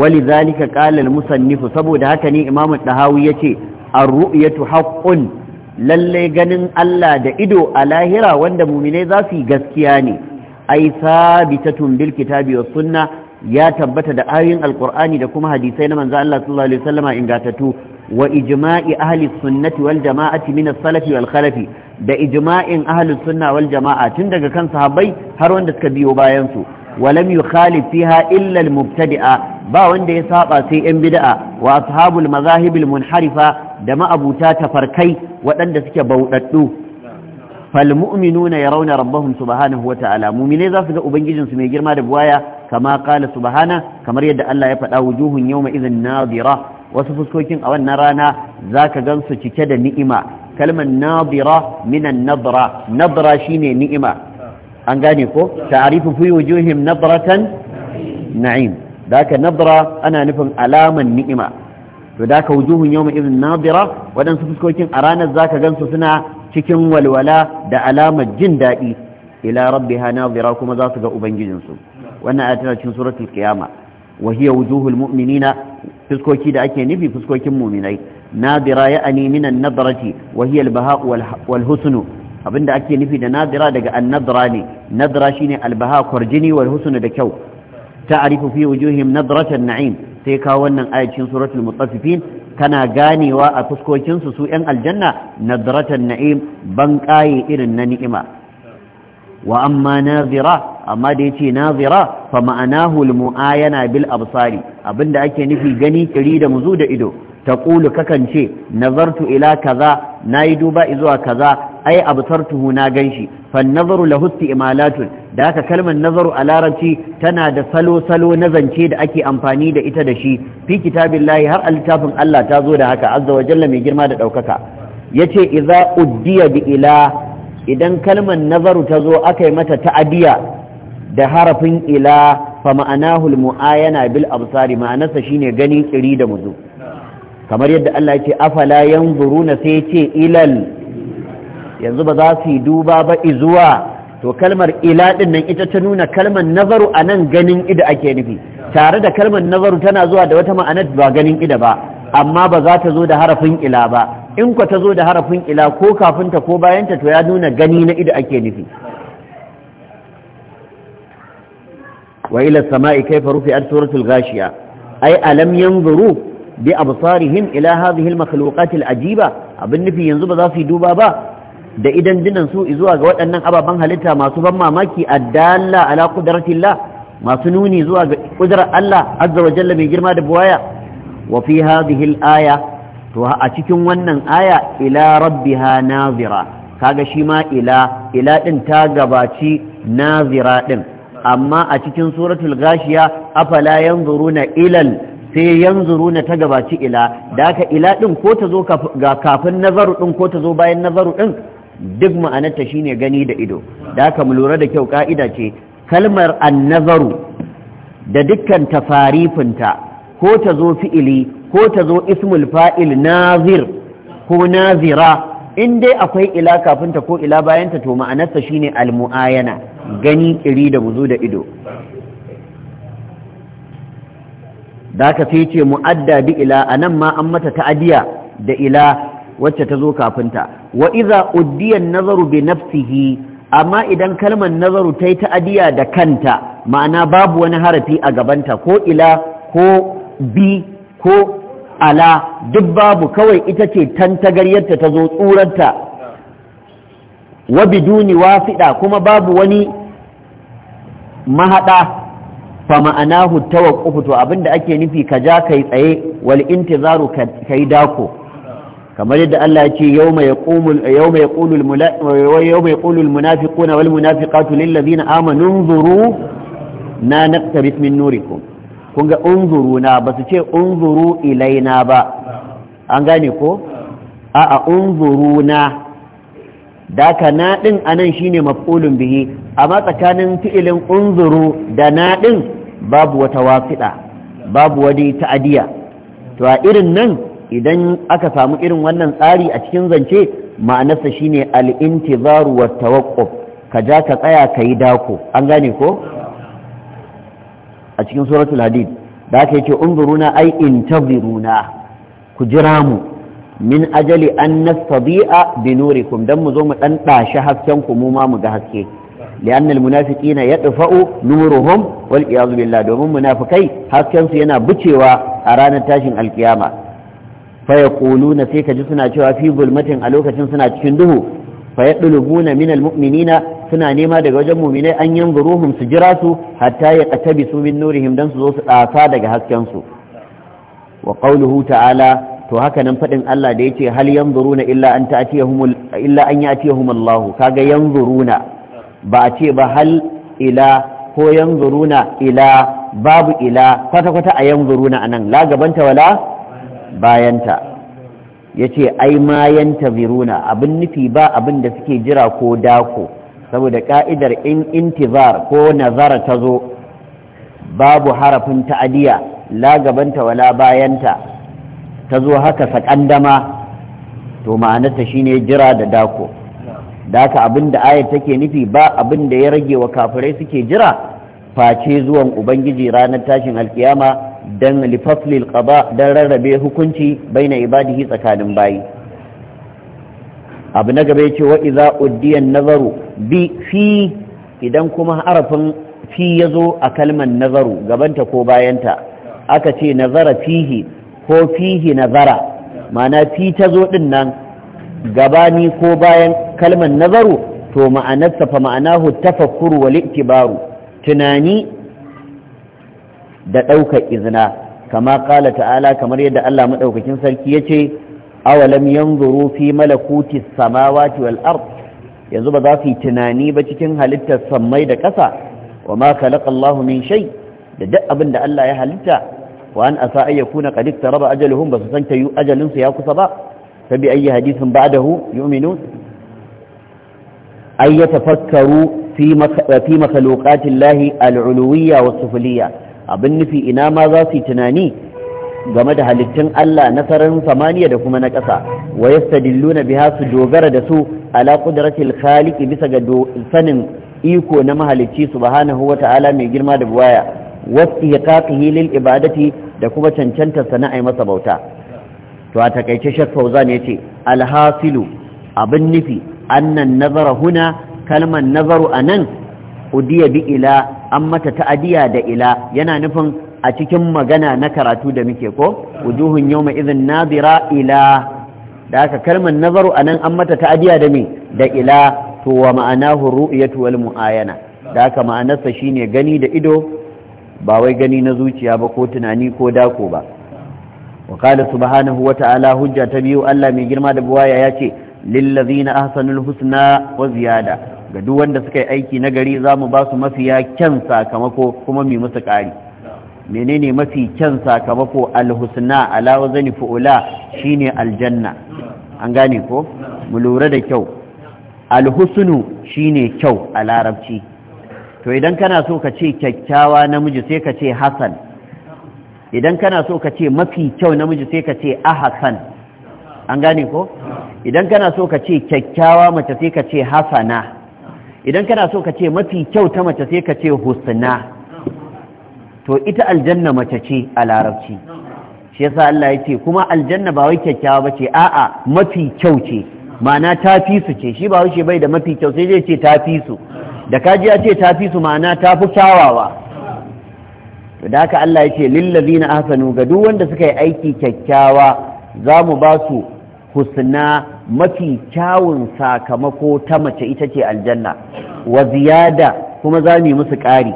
ولذلك قال المصنف saboda haka ne imamu dahawi yace ar-ru'yatu haqqun lallai ganin Allah da ido a lahira wanda muminai za su yi gaskiya ne ai sabitatun bil kitabi was sunna ya tabbata da ayoyin alqur'ani da kuma hadisai na manzo Allah sallallahu alaihi wasallama ingatatu wa ijma'i ahli sunnati wal jama'ati min as-salafi wal khalafi da ijma'in ahli sunna wal jama'a tun daga kan sahabbai har wanda suka biyo bayan su ولم fiha فيها إلا mubtadi'a ba wanda ya saba sai yan bid'a wa ashabul mazahib al munharifa da ma abuta tafarkai waɗanda suke bauɗaɗɗu fal mu'minuna yarawna rabbahum subhanahu wa ta'ala mu'mine za su ga ubangijin su mai girma da buwaya kama qala subhana kamar yadda Allah ya faɗa wujuhun yawma idhin nadira wasu fuskokin a wannan rana zaka gansu cike da ni'ima kalmar nadira minan nadra nadra shine ni'ima an gane ko ta'rifu fi wujuhim nadratan na'im daka nadra ana nufin alaman ni'ima to da ka wujuhun waɗansu fuskokin a ranar za ka gansu suna cikin walwala da alamar jin daɗi ila rabbiha zira kuma za su ga ubangijinsu wannan ayat tana cikin suratul qiyama wa hiya wujuhul mu'minina fuskoki da ake nufi fuskokin mu'minai nadira ya'ani minan nadrati wa hiya al-baha wal abinda ake nufi da nadira daga an-nadra ne nadra shine al-baha kwarjini wal husnu da kyau ta'rifu fi wujuhihim nadratan na'im sai kawo wannan ayat cikin suratul mutaffifin kana ganewa a fuskokinsu su 'yan aljanna nadratan na'im ban ƙaye irin na ni'ima wa amma nazira amma da yace nazira fa ma'anahu yana bil absari abinda ake nufi gani kiri da muzu da ido taqulu kakan ce nazartu ila kaza nayi duba zuwa kaza ai abtartuhu na ganshi fan nazaru lahu imalatun da haka kalmar nazaru a larabci tana da salo salo na zance da ake amfani da ita da shi fi kitabillahi har a littafin Allah ta zo da haka azza wa jalla mai girma da daukaka yace idza uddiya bi ila idan kalmar nazaru ta zo aka yi mata ta'adiya da harafin ila fa ma'anahu mu'ayana bil absari ma'anarsa shine gani kiri da muzu kamar yadda Allah ya ce afala yanzuruna sai yace ce ilal yanzu ba za su yi duba ba izuwa to kalmar ila din nan ita ta nuna kalmar nazaru a nan ganin ida ake nufi tare da kalmar nazaru tana zuwa da wata ma'anar ba ganin ida ba amma ba za ta zo da harafin ila ba in ku ta zo da harafin ila ko kafin ta ko bayanta to ya nuna gani na ida ake nufi wa ila sama'i kaifa rufi'at suratul ghashiya ai alam yanzuru bi absarihim ila hadhihi al makhluqat al ajiba abin nufi yanzu ba za su duba ba da idan dinan su zuwa ga waɗannan ababen halitta masu ban mamaki a Dalla, ala qudratillah masu nuni zuwa ga kudrar Allah azza wa jalla mai girma da buwaya wa fi hadhihi aya to a cikin wannan aya ila rabbiha nazira kaga shi ma ila ila ɗin ta gabaci nazira ɗin. amma a cikin suratul gashiya afala yanzuruna ilal sai yanzuru na ta gabaci ila da aka ila ɗin ko ta zo kafin nazaru ɗin ko ta zo bayan nazaru ɗin duk ma'anarta shine gani da ido da aka mu lura da kyau ka'ida ce kalmar annazaru da dukkan tafarifinta ko ta zo fi'ili ko ta zo ismul fa'il nazir ko nazira in dai akwai ila kafinta ko ila bayanta to ma'anarta shine almu'ayana gani kiri da buzu da ido da ka sai ce mu'adda bi ila anan ma an mata ta'adiya da ila wacce ta zo kafinta wa iza uddiyan nazaru bi nafsihi amma idan kalmar nazaru ta yi ta'adiya da kanta ma'ana babu wani harafi a gabanta ko ila ko bi ko ala duk babu kawai ita ce tantagaryarta ta zo tsurarta wa biduni wafida kuma babu wani mahada fa ma'anahu tawaqqufu to abinda ake nufi ka ja kai tsaye wal intizaru yi dako kamar yadda Allah ya ce yawma mai yawma yaqulul yawma yaqulul munafiquna wal munafiqatu lil ladina amanu unzuru na naqtabis min nurikum kun ga unzuru na ba su ce unzuru ilaina ba an gane ko 'a unzuru na daka na din anan shine maf'ulun bihi amma tsakanin fi'ilin unzuru da na din babu wata wafida babu wani ta'adiya to a irin nan idan aka samu irin wannan tsari a cikin zance ma'anarsa shine al-intizaru wa ka ja ka tsaya ka yi dako an gane ko a cikin suratul hadid da aka yace unzuruna ai intaziruna ku jira mu min ajali an nastadi'a bi nurikum dan mu zo mu dan dashi hasken ku mu ma mu ga haske li'anna almunafiqina yadfa'u nuruhum wal iyad billah domin munafikai hasken su yana bucewa a ranar tashin alkiyama faya na sai ka ji suna cewa fi gulmatin a lokacin suna cikin duhu faya ɗulubuna min almu'minina suna nema daga wajen muminai an yanzu ruhum su jira su hatta ya katabi su min nurihim dan su zo su ɗasa daga hasken su wa qawluhu ta'ala to haka nan faɗin Allah da yace hal yanzuruna illa an ta'tiyahum illa an ya'tiyahum Allah kaga yanzuruna ba a ce ba hal ila ko yanzuruna ila babu ila kwata kwata a yanzuruna anan la gabanta wala bayanta ya ce ai mayanta biruna abin nufi ba abin da suke jira ko dako saboda ka'idar in intizar ko nazara ta zo babu harafin ta'adiya la wala bayanta ta zo haka sakandama to ma'anarta shine jira da dako daka haka abin da ayat take nufi ba abin da ya rage wa kafirai suke jira face zuwan ubangiji ranar tashin alkiyama dan lifaflil qada dan rarrabe hukunci baina ibadihi tsakanin bayi abu na gaba yace wa iza uddiyan nazaru bi fi idan kuma harafin fi yazo a kalmar nazaru gabanta ko bayanta aka ce nazara fihi ko fihi nazara ma'ana fi tazo din nan gabani ko bayan kalmar nazaru to ma'anarsa fa ma'anahu tafakkuru wal tunani da ɗaukar izina kama ƙala ta'ala kamar yadda Allah maɗaukakin sarki ya ce awalam zuru fi malakuti samawati wal ard yanzu ba za su yi tunani ba cikin halittar sammai da ƙasa wa ma khalaqa Allahu min shay da duk abin da Allah ya halitta wa an asa ay yakuna qad iktaraba ajaluhum basu san tayu ajalin su ya kusa ba sabi ayi hadithin ba'dahu yu'minun ay yatafakkaru fi fi makhluqatillahi al-'uluwiyya was-sufliyya abin nufi ina ma za su yi tunani game da halittun Allah na sararin samaniya da kuma na ƙasa wa na biha su dogara da su ala qudratil khaliq bisa ga sanin iko na mahalicci su subhanahu wa ta'ala mai girma da buwaya wastiqaqihi lil ibadati da kuma cancanta sana'ai masa bauta to a takaice shek fauzan yace alhasilu abin nufi annan nazara huna kalman nazaru anan udiya bi ila an mata ta'adiya da ila yana nufin a cikin magana na karatu da muke ko wujuhun yawma idhin nadira ila da aka kalmar nazaru anan an mata ta'adiya da me da ila to wa ma'anahu ru'yatu wal mu'ayana da aka ma'anarsa shine gani da ido ba wai gani na zuciya ba ko tunani ko dako ba wa qala subhanahu wa ta'ala hujja ta biyu Allah mai girma da buwaya yace lil ladzina ahsanul husna wa ziyada ga duk wanda suka yi aiki na gari za mu ba su mafi kyan sakamako kuma mai musu ƙari menene mafi kyan sakamako alhusna ala wazani fu'ula shine aljanna an gane ko mu lura da kyau alhusnu shine kyau a larabci to idan kana so ka ce kyakkyawa namiji sai ka ce hasan idan kana so ka ce mafi kyau namiji sai ka ce ahasan an gane ko idan kana so ka ce kyakkyawa mace sai ka ce hasana idan kana so ka ce mafi kyau ta mace sai ka ce husna to ita aljanna mace ce a larabci shi yasa Allah ya kuma aljanna ba wai kyakkyawa bace a'a mafi kyau ce ma'ana ta fi su ce shi ba wuce bai da mafi kyau sai zai ce ta fi su da kaji ya ce ta fi su ma'ana ta fi kyawawa to da haka Allah ya ce lillazina ahsanu ga duk wanda suka yi aiki kyakkyawa za mu ba su husna mafi kyawun sakamako ta mace ita ce aljanna wa ziyada kuma za mu musu ƙari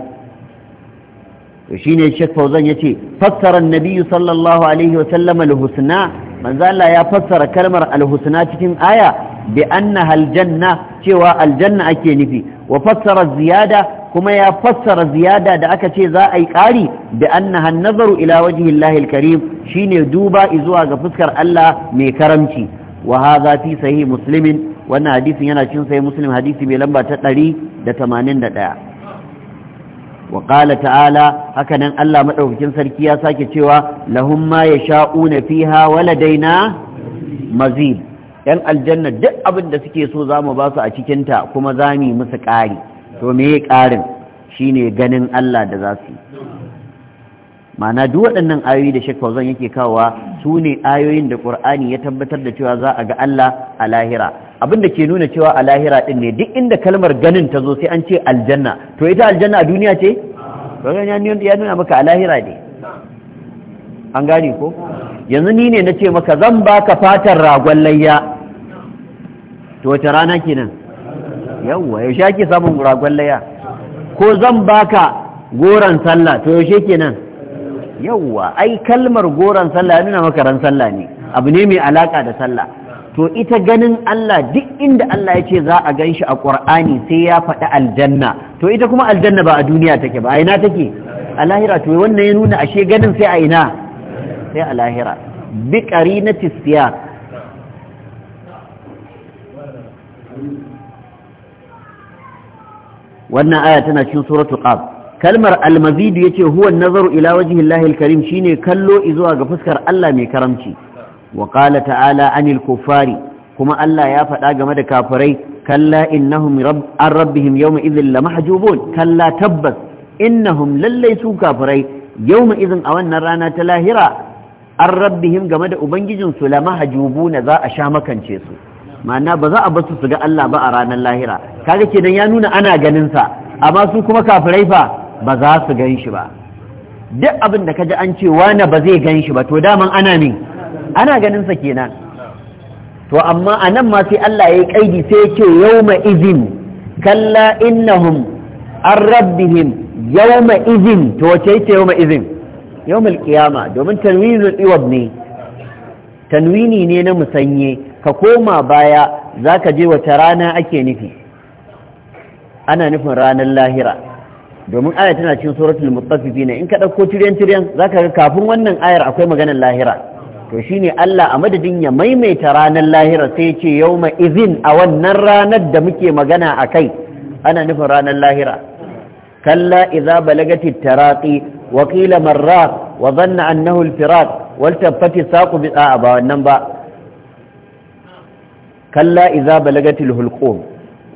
to shine Sheikh Fauzan yace fassara Nabiyyu sallallahu alaihi wa sallam al-husna manzo Allah ya fassara kalmar al-husna cikin aya bi annaha al-janna cewa aljanna ake nufi wa fassara ziyada kuma ya fassara ziyada da aka ce za a yi ƙari da annaha nazaru ila wajhillahi alkarim shine duba zuwa ga fuskar Allah mai karamci wa zafi fi sahih muslim wannan hadisin yana cikin sahi muslim hadisi mai lamba ta 181 wa qala ta'ala haka nan Allah madaukakin sarki ya sake cewa lahum ma yasha'una fiha waladaina mazid yan aljanna duk abin da suke so zamu ba su a cikin ta kuma zami musu ƙari to me karin shine ganin Allah da za su yi ma'ana duk waɗannan ayoyi da Sheikh zan yake kawowa su ne ayoyin da Qur'ani ya tabbatar da cewa za a ga Allah a lahira abin da ke nuna cewa a lahira din ne duk inda kalmar ganin ta zo sai an ce aljanna to ita aljanna a duniya ce ya nuna maka a lahira ne an gane ko yanzu ni ne na ce maka zan baka fatar ragon layya to wace rana kenan yawwa yaushe ake samun ragon layya ko zan baka goron sallah to yaushe kenan yawwa ai kalmar goron sallah nuna maka ran sallah ne abu ne mai alaka da sallah to ita ganin Allah duk inda Allah ya ce za a gan shi a ƙur'ani sai ya faɗi aljanna to ita kuma aljanna ba a duniya take ba a ina take a lahira to wannan ya nuna ashe ganin sai a ina sai a lahira bi na siyaq wannan aya tana cikin suratul qaf kalmar almazidu ce, huwa nazaru ila wajhi llahi alkarim shine kallo izuwa ga fuskar Allah mai karamci wa qala ta'ala anil kuffari kuma Allah ya faɗa game da kafirai kalla innahum an rabbihim yawma idhin lamahjubun kalla tabbas innahum lallai su kafirai yawma idhin a wannan rana ta lahira an rabbihim game da ubangijinsu lamahjubuna za a sha makance su ma'ana ba za a basu su ga Allah ba a ranar lahira kaga kenan ya nuna ana ganin sa amma su kuma kafirai fa ba za su gan shi ba duk abin da ka ji an ce wani ba zai gan shi ba to daman ana ne ana ganin sa kenan to amma a nan ma sai Allah ya yi kaidi sai ya ce yawma izin kalla innahum an rabbihim yawma izin to wace ce yawma izin yawmal qiyama domin tanwinul iwab ne tanwini ne na musanye ka koma baya zaka je wace rana ake nufi ana nufin ranar lahira domin aya tana cikin suratul mutaffifin in ka dauko tiryan tiryan zaka ga kafin wannan ayar akwai maganar lahira to shine Allah a madadin ya maimaita ranar lahira sai ya ce yauma izin a wannan ranar da muke magana a kai ana nufin ranar lahira kalla idza balagati taraqi wa qila marraq wa dhanna annahu al-firaq wal tabbati saqu bi ba wannan ba kalla idza balagati al-hulqum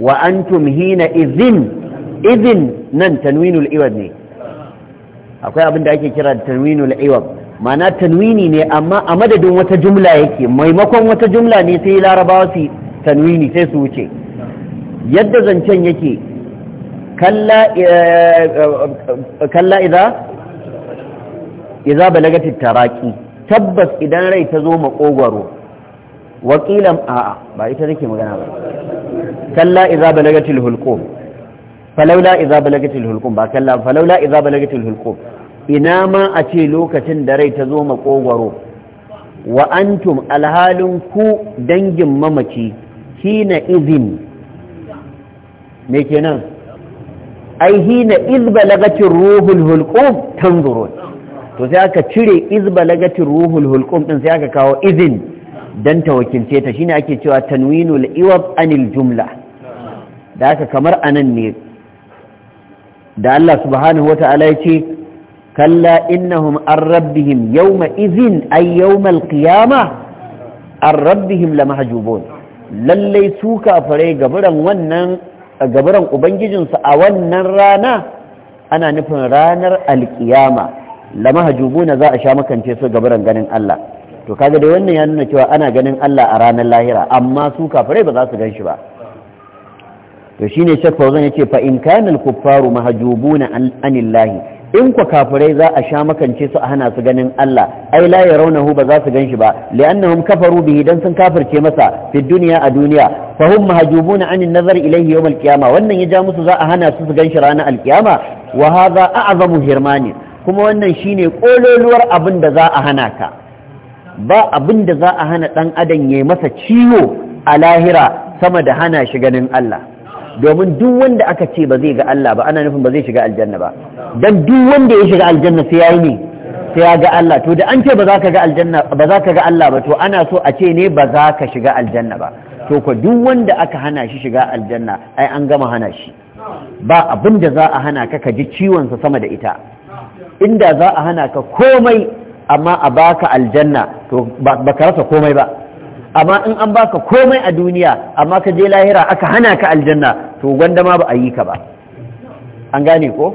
wa antum hina izin izin nan tanwinul iwad ne akwai abin da ake kira tanwinul iwad mana tanwini ne amma a madadin wata jumla yake maimakon wata jumla ne sai larabawa su tanwini sai su wuce yadda zancen yake kalla idza eh, idza balagatit taraki tabbas idan rai ta zo makogwaro wakilan a'a ba ita nake magana ba kalla idza balagatil hulqum falaula idza balagatil hulqum ba kalla falaula idza balagatil hulqum ina ma a ce lokacin da rai ta zo makogwaro wa antum alhalin ku dangin mamaci hina izin me kenan ai hina izba balagatir ruhul hulqum tanzurun to sai aka cire izba balagatir ruhul hulqum din sai aka kawo izin dan ta wakilce ta shine ake cewa tanwinul iwab anil jumla da haka kamar anan ne da Allah subhanahu wata'ala ce, kalla innahum an rabbihim yawma izin ay yawmal qiyamah an rabbihim lamahjubun lallai su kafirai gaburan wannan gaburan ubangijinsu a wannan rana ana nufin ranar alkiyama lamahjubuna za a sha makance su gaburan ganin Allah to kaga da wannan ya nuna cewa ana ganin Allah a ranar lahira amma su kafirai ba za su gan shi ba to shine shek fauzan yace fa in kana kuffaru mahjubuna anillahi in ku kafirai za a sha makance su a hana su ganin Allah ai la yarawnahu ba za su ganshi ba li'annahum kafaru bihi dan sun kafirce masa fi dunya a duniya fa hum mahjubuna anin nazar ilayhi yawm al qiyamah wannan ya ja musu za a hana su su ganshi ranar al qiyama wa hadha a'zamu hirmani kuma wannan shine kololuwar abin da za a hana ka ba abin da za a hana dan adam yayi masa ciwo a lahira sama da hana shi ganin Allah domin duk wanda aka ce ba zai ga Allah ba ana nufin ba zai shiga aljanna ba dan duk wanda ya shiga aljanna sai yayi ne sai ya ga Allah to da an ce ba za ka ga aljanna ba za ka ga Allah ba to ana so a ce ne ba za ka shiga aljanna ba to ko duk wanda aka hana shi shiga aljanna ai an gama hana shi ba abin za a hana ka ka ji ciwon sa sama da ita inda za a hana ka komai amma a baka aljanna to ba ka rasa komai ba amma in an baka komai a duniya amma ka je lahira aka hana ka aljanna to gwanda ma ba a yi ka ba an gane ko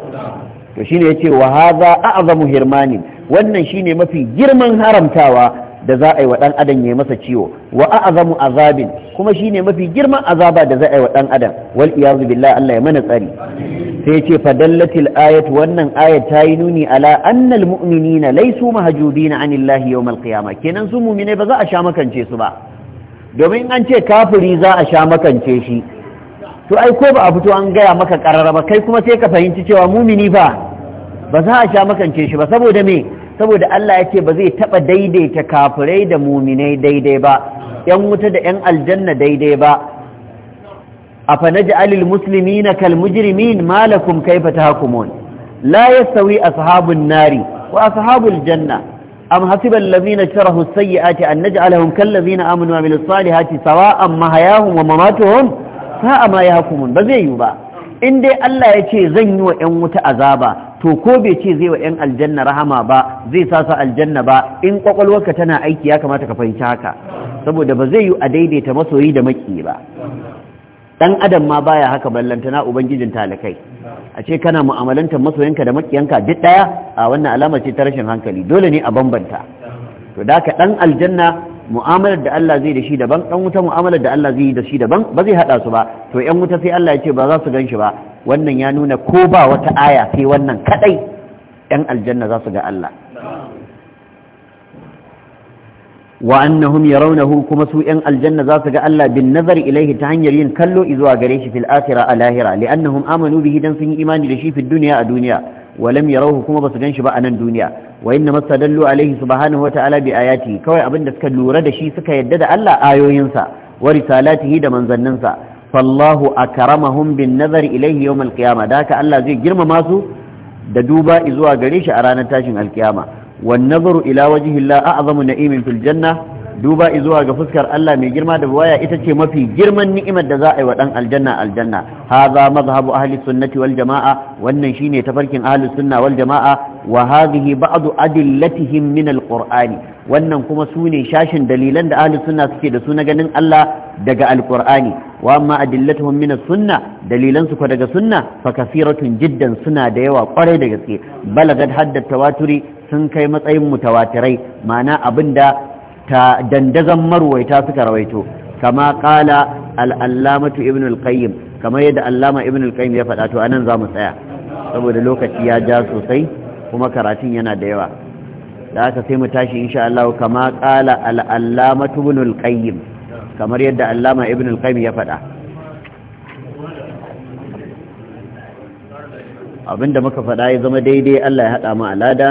to shine yace wa hadha a'zamu hirmani wannan shine mafi girman haramtawa da za a yi wa dan adam ya masa ciwo wa a'zamu azabin kuma shine mafi girman azaba da za a yi wa dan adam wal iyazu billahi Allah ya mana tsari sai ce fadallatil ayat wannan ayat ta yi nuni ala annal mu'minina laysu mahjubina anillahi yawmal qiyamah kenan su mu'mine ba za a sha makance su ba domin an ce kafiri za a sha makance shi to ai ko ba a fito an gaya maka karara ba kai kuma sai ka fahimci cewa mumini ba ba za a sha makance shi ba saboda me saboda Allah ya ce ba zai taɓa daidaita kafirai da muminai daidai ba yan wuta da yan aljanna daidai ba afa naj'alul muslimina kal mujrimin malakum kaifa tahkumun la a ashabun nari wa sahabun janna am hasiba allazina karahu sayyiati an naj'alahum kal ladzina amanu wa amilus salihati sawa'an mahayahum wa mamatuhum sa'a ma yahkumun ba zai yi ba in dai Allah ya ce zan yi wa 'yan wuta azaba to ko bai ce zai wa ƴan aljanna rahama ba zai sa aljanna ba in kwakwalwarka tana aiki ya kamata ka fahimci haka saboda ba zai yiwu a daidaita masoyi da maki ba dan adam ma baya haka ballantana ubangijin talakai a ce kana mu'amalantar masoyanka da makiyanka duk daya a wannan alama ce ta rashin hankali dole ne a bambanta to da ka dan aljanna mu'amalar da Allah zai da shi daban dan wuta mu'amalar da Allah zai da shi daban ba zai hada su ba to yan wuta sai Allah ya ce ba za su gan shi ba wannan ya nuna ko ba wata aya sai wannan kadai yan aljanna za su ga Allah wa annahum yarawnahu kuma su yan aljanna za su ga Allah bin nazar ilaihi ta hanyar yin kallo izuwa gare shi fil akhirah a lahira li annahum amanu bihi dan sun yi imani da shi fi a duniya walam lam yarawhu kuma basu gan shi ba a duniya wa inna alaihi subhanahu wata'ala bi ayati kawai abin da suka lura da shi suka yadda da Allah ayoyinsa wa risalatihi da manzanninsa fallahu akramahum bin nazar ilaihi yawm al-qiyamah da haka Allah zai girmama su da duba izuwa gare shi a ranar tashin alkiyama wan nazaru ila wajhi Allah a'zamu na'imin fil janna duba izuwa ga fuskar Allah mai girma da waya ita ce mafi girman ni'imar da za a yi wa dan aljanna aljanna hadha mazhabu ahli sunnati wal jamaa wannan shine tafarkin ahli sunna wal jamaa wa hadhihi ba'du wannan kuma sune shashin dalilan da ahli sunna suke da su na ganin Allah daga Alkur'ani. wa amma adillatuhum min sunna dalilansu su ko daga sunna fa kasiratun jiddan suna da yawa kwarai da gaske balagat hadda tawaturi sun kai matsayin mutawatirai ma'ana abinda ta dandazan marwaita suka rawaito kama qala al-allamatu ibn al-qayyim kama yadda allama ibn al-qayyim ya faɗa to anan za mu tsaya saboda lokaci ya ja sosai kuma karatun yana da yawa da aka sai mu tashi insha Allah kama kala al-allamatu ibn al-qayyim kamar yadda allama ibn al-qayyim ya faɗa abinda muka faɗa ya zama daidai Allah ya haɗa mu alada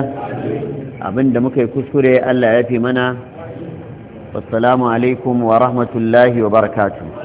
abinda muka yi kuskure Allah ya fi mana wassalamu alaikum wa rahmatullahi wa barakatuh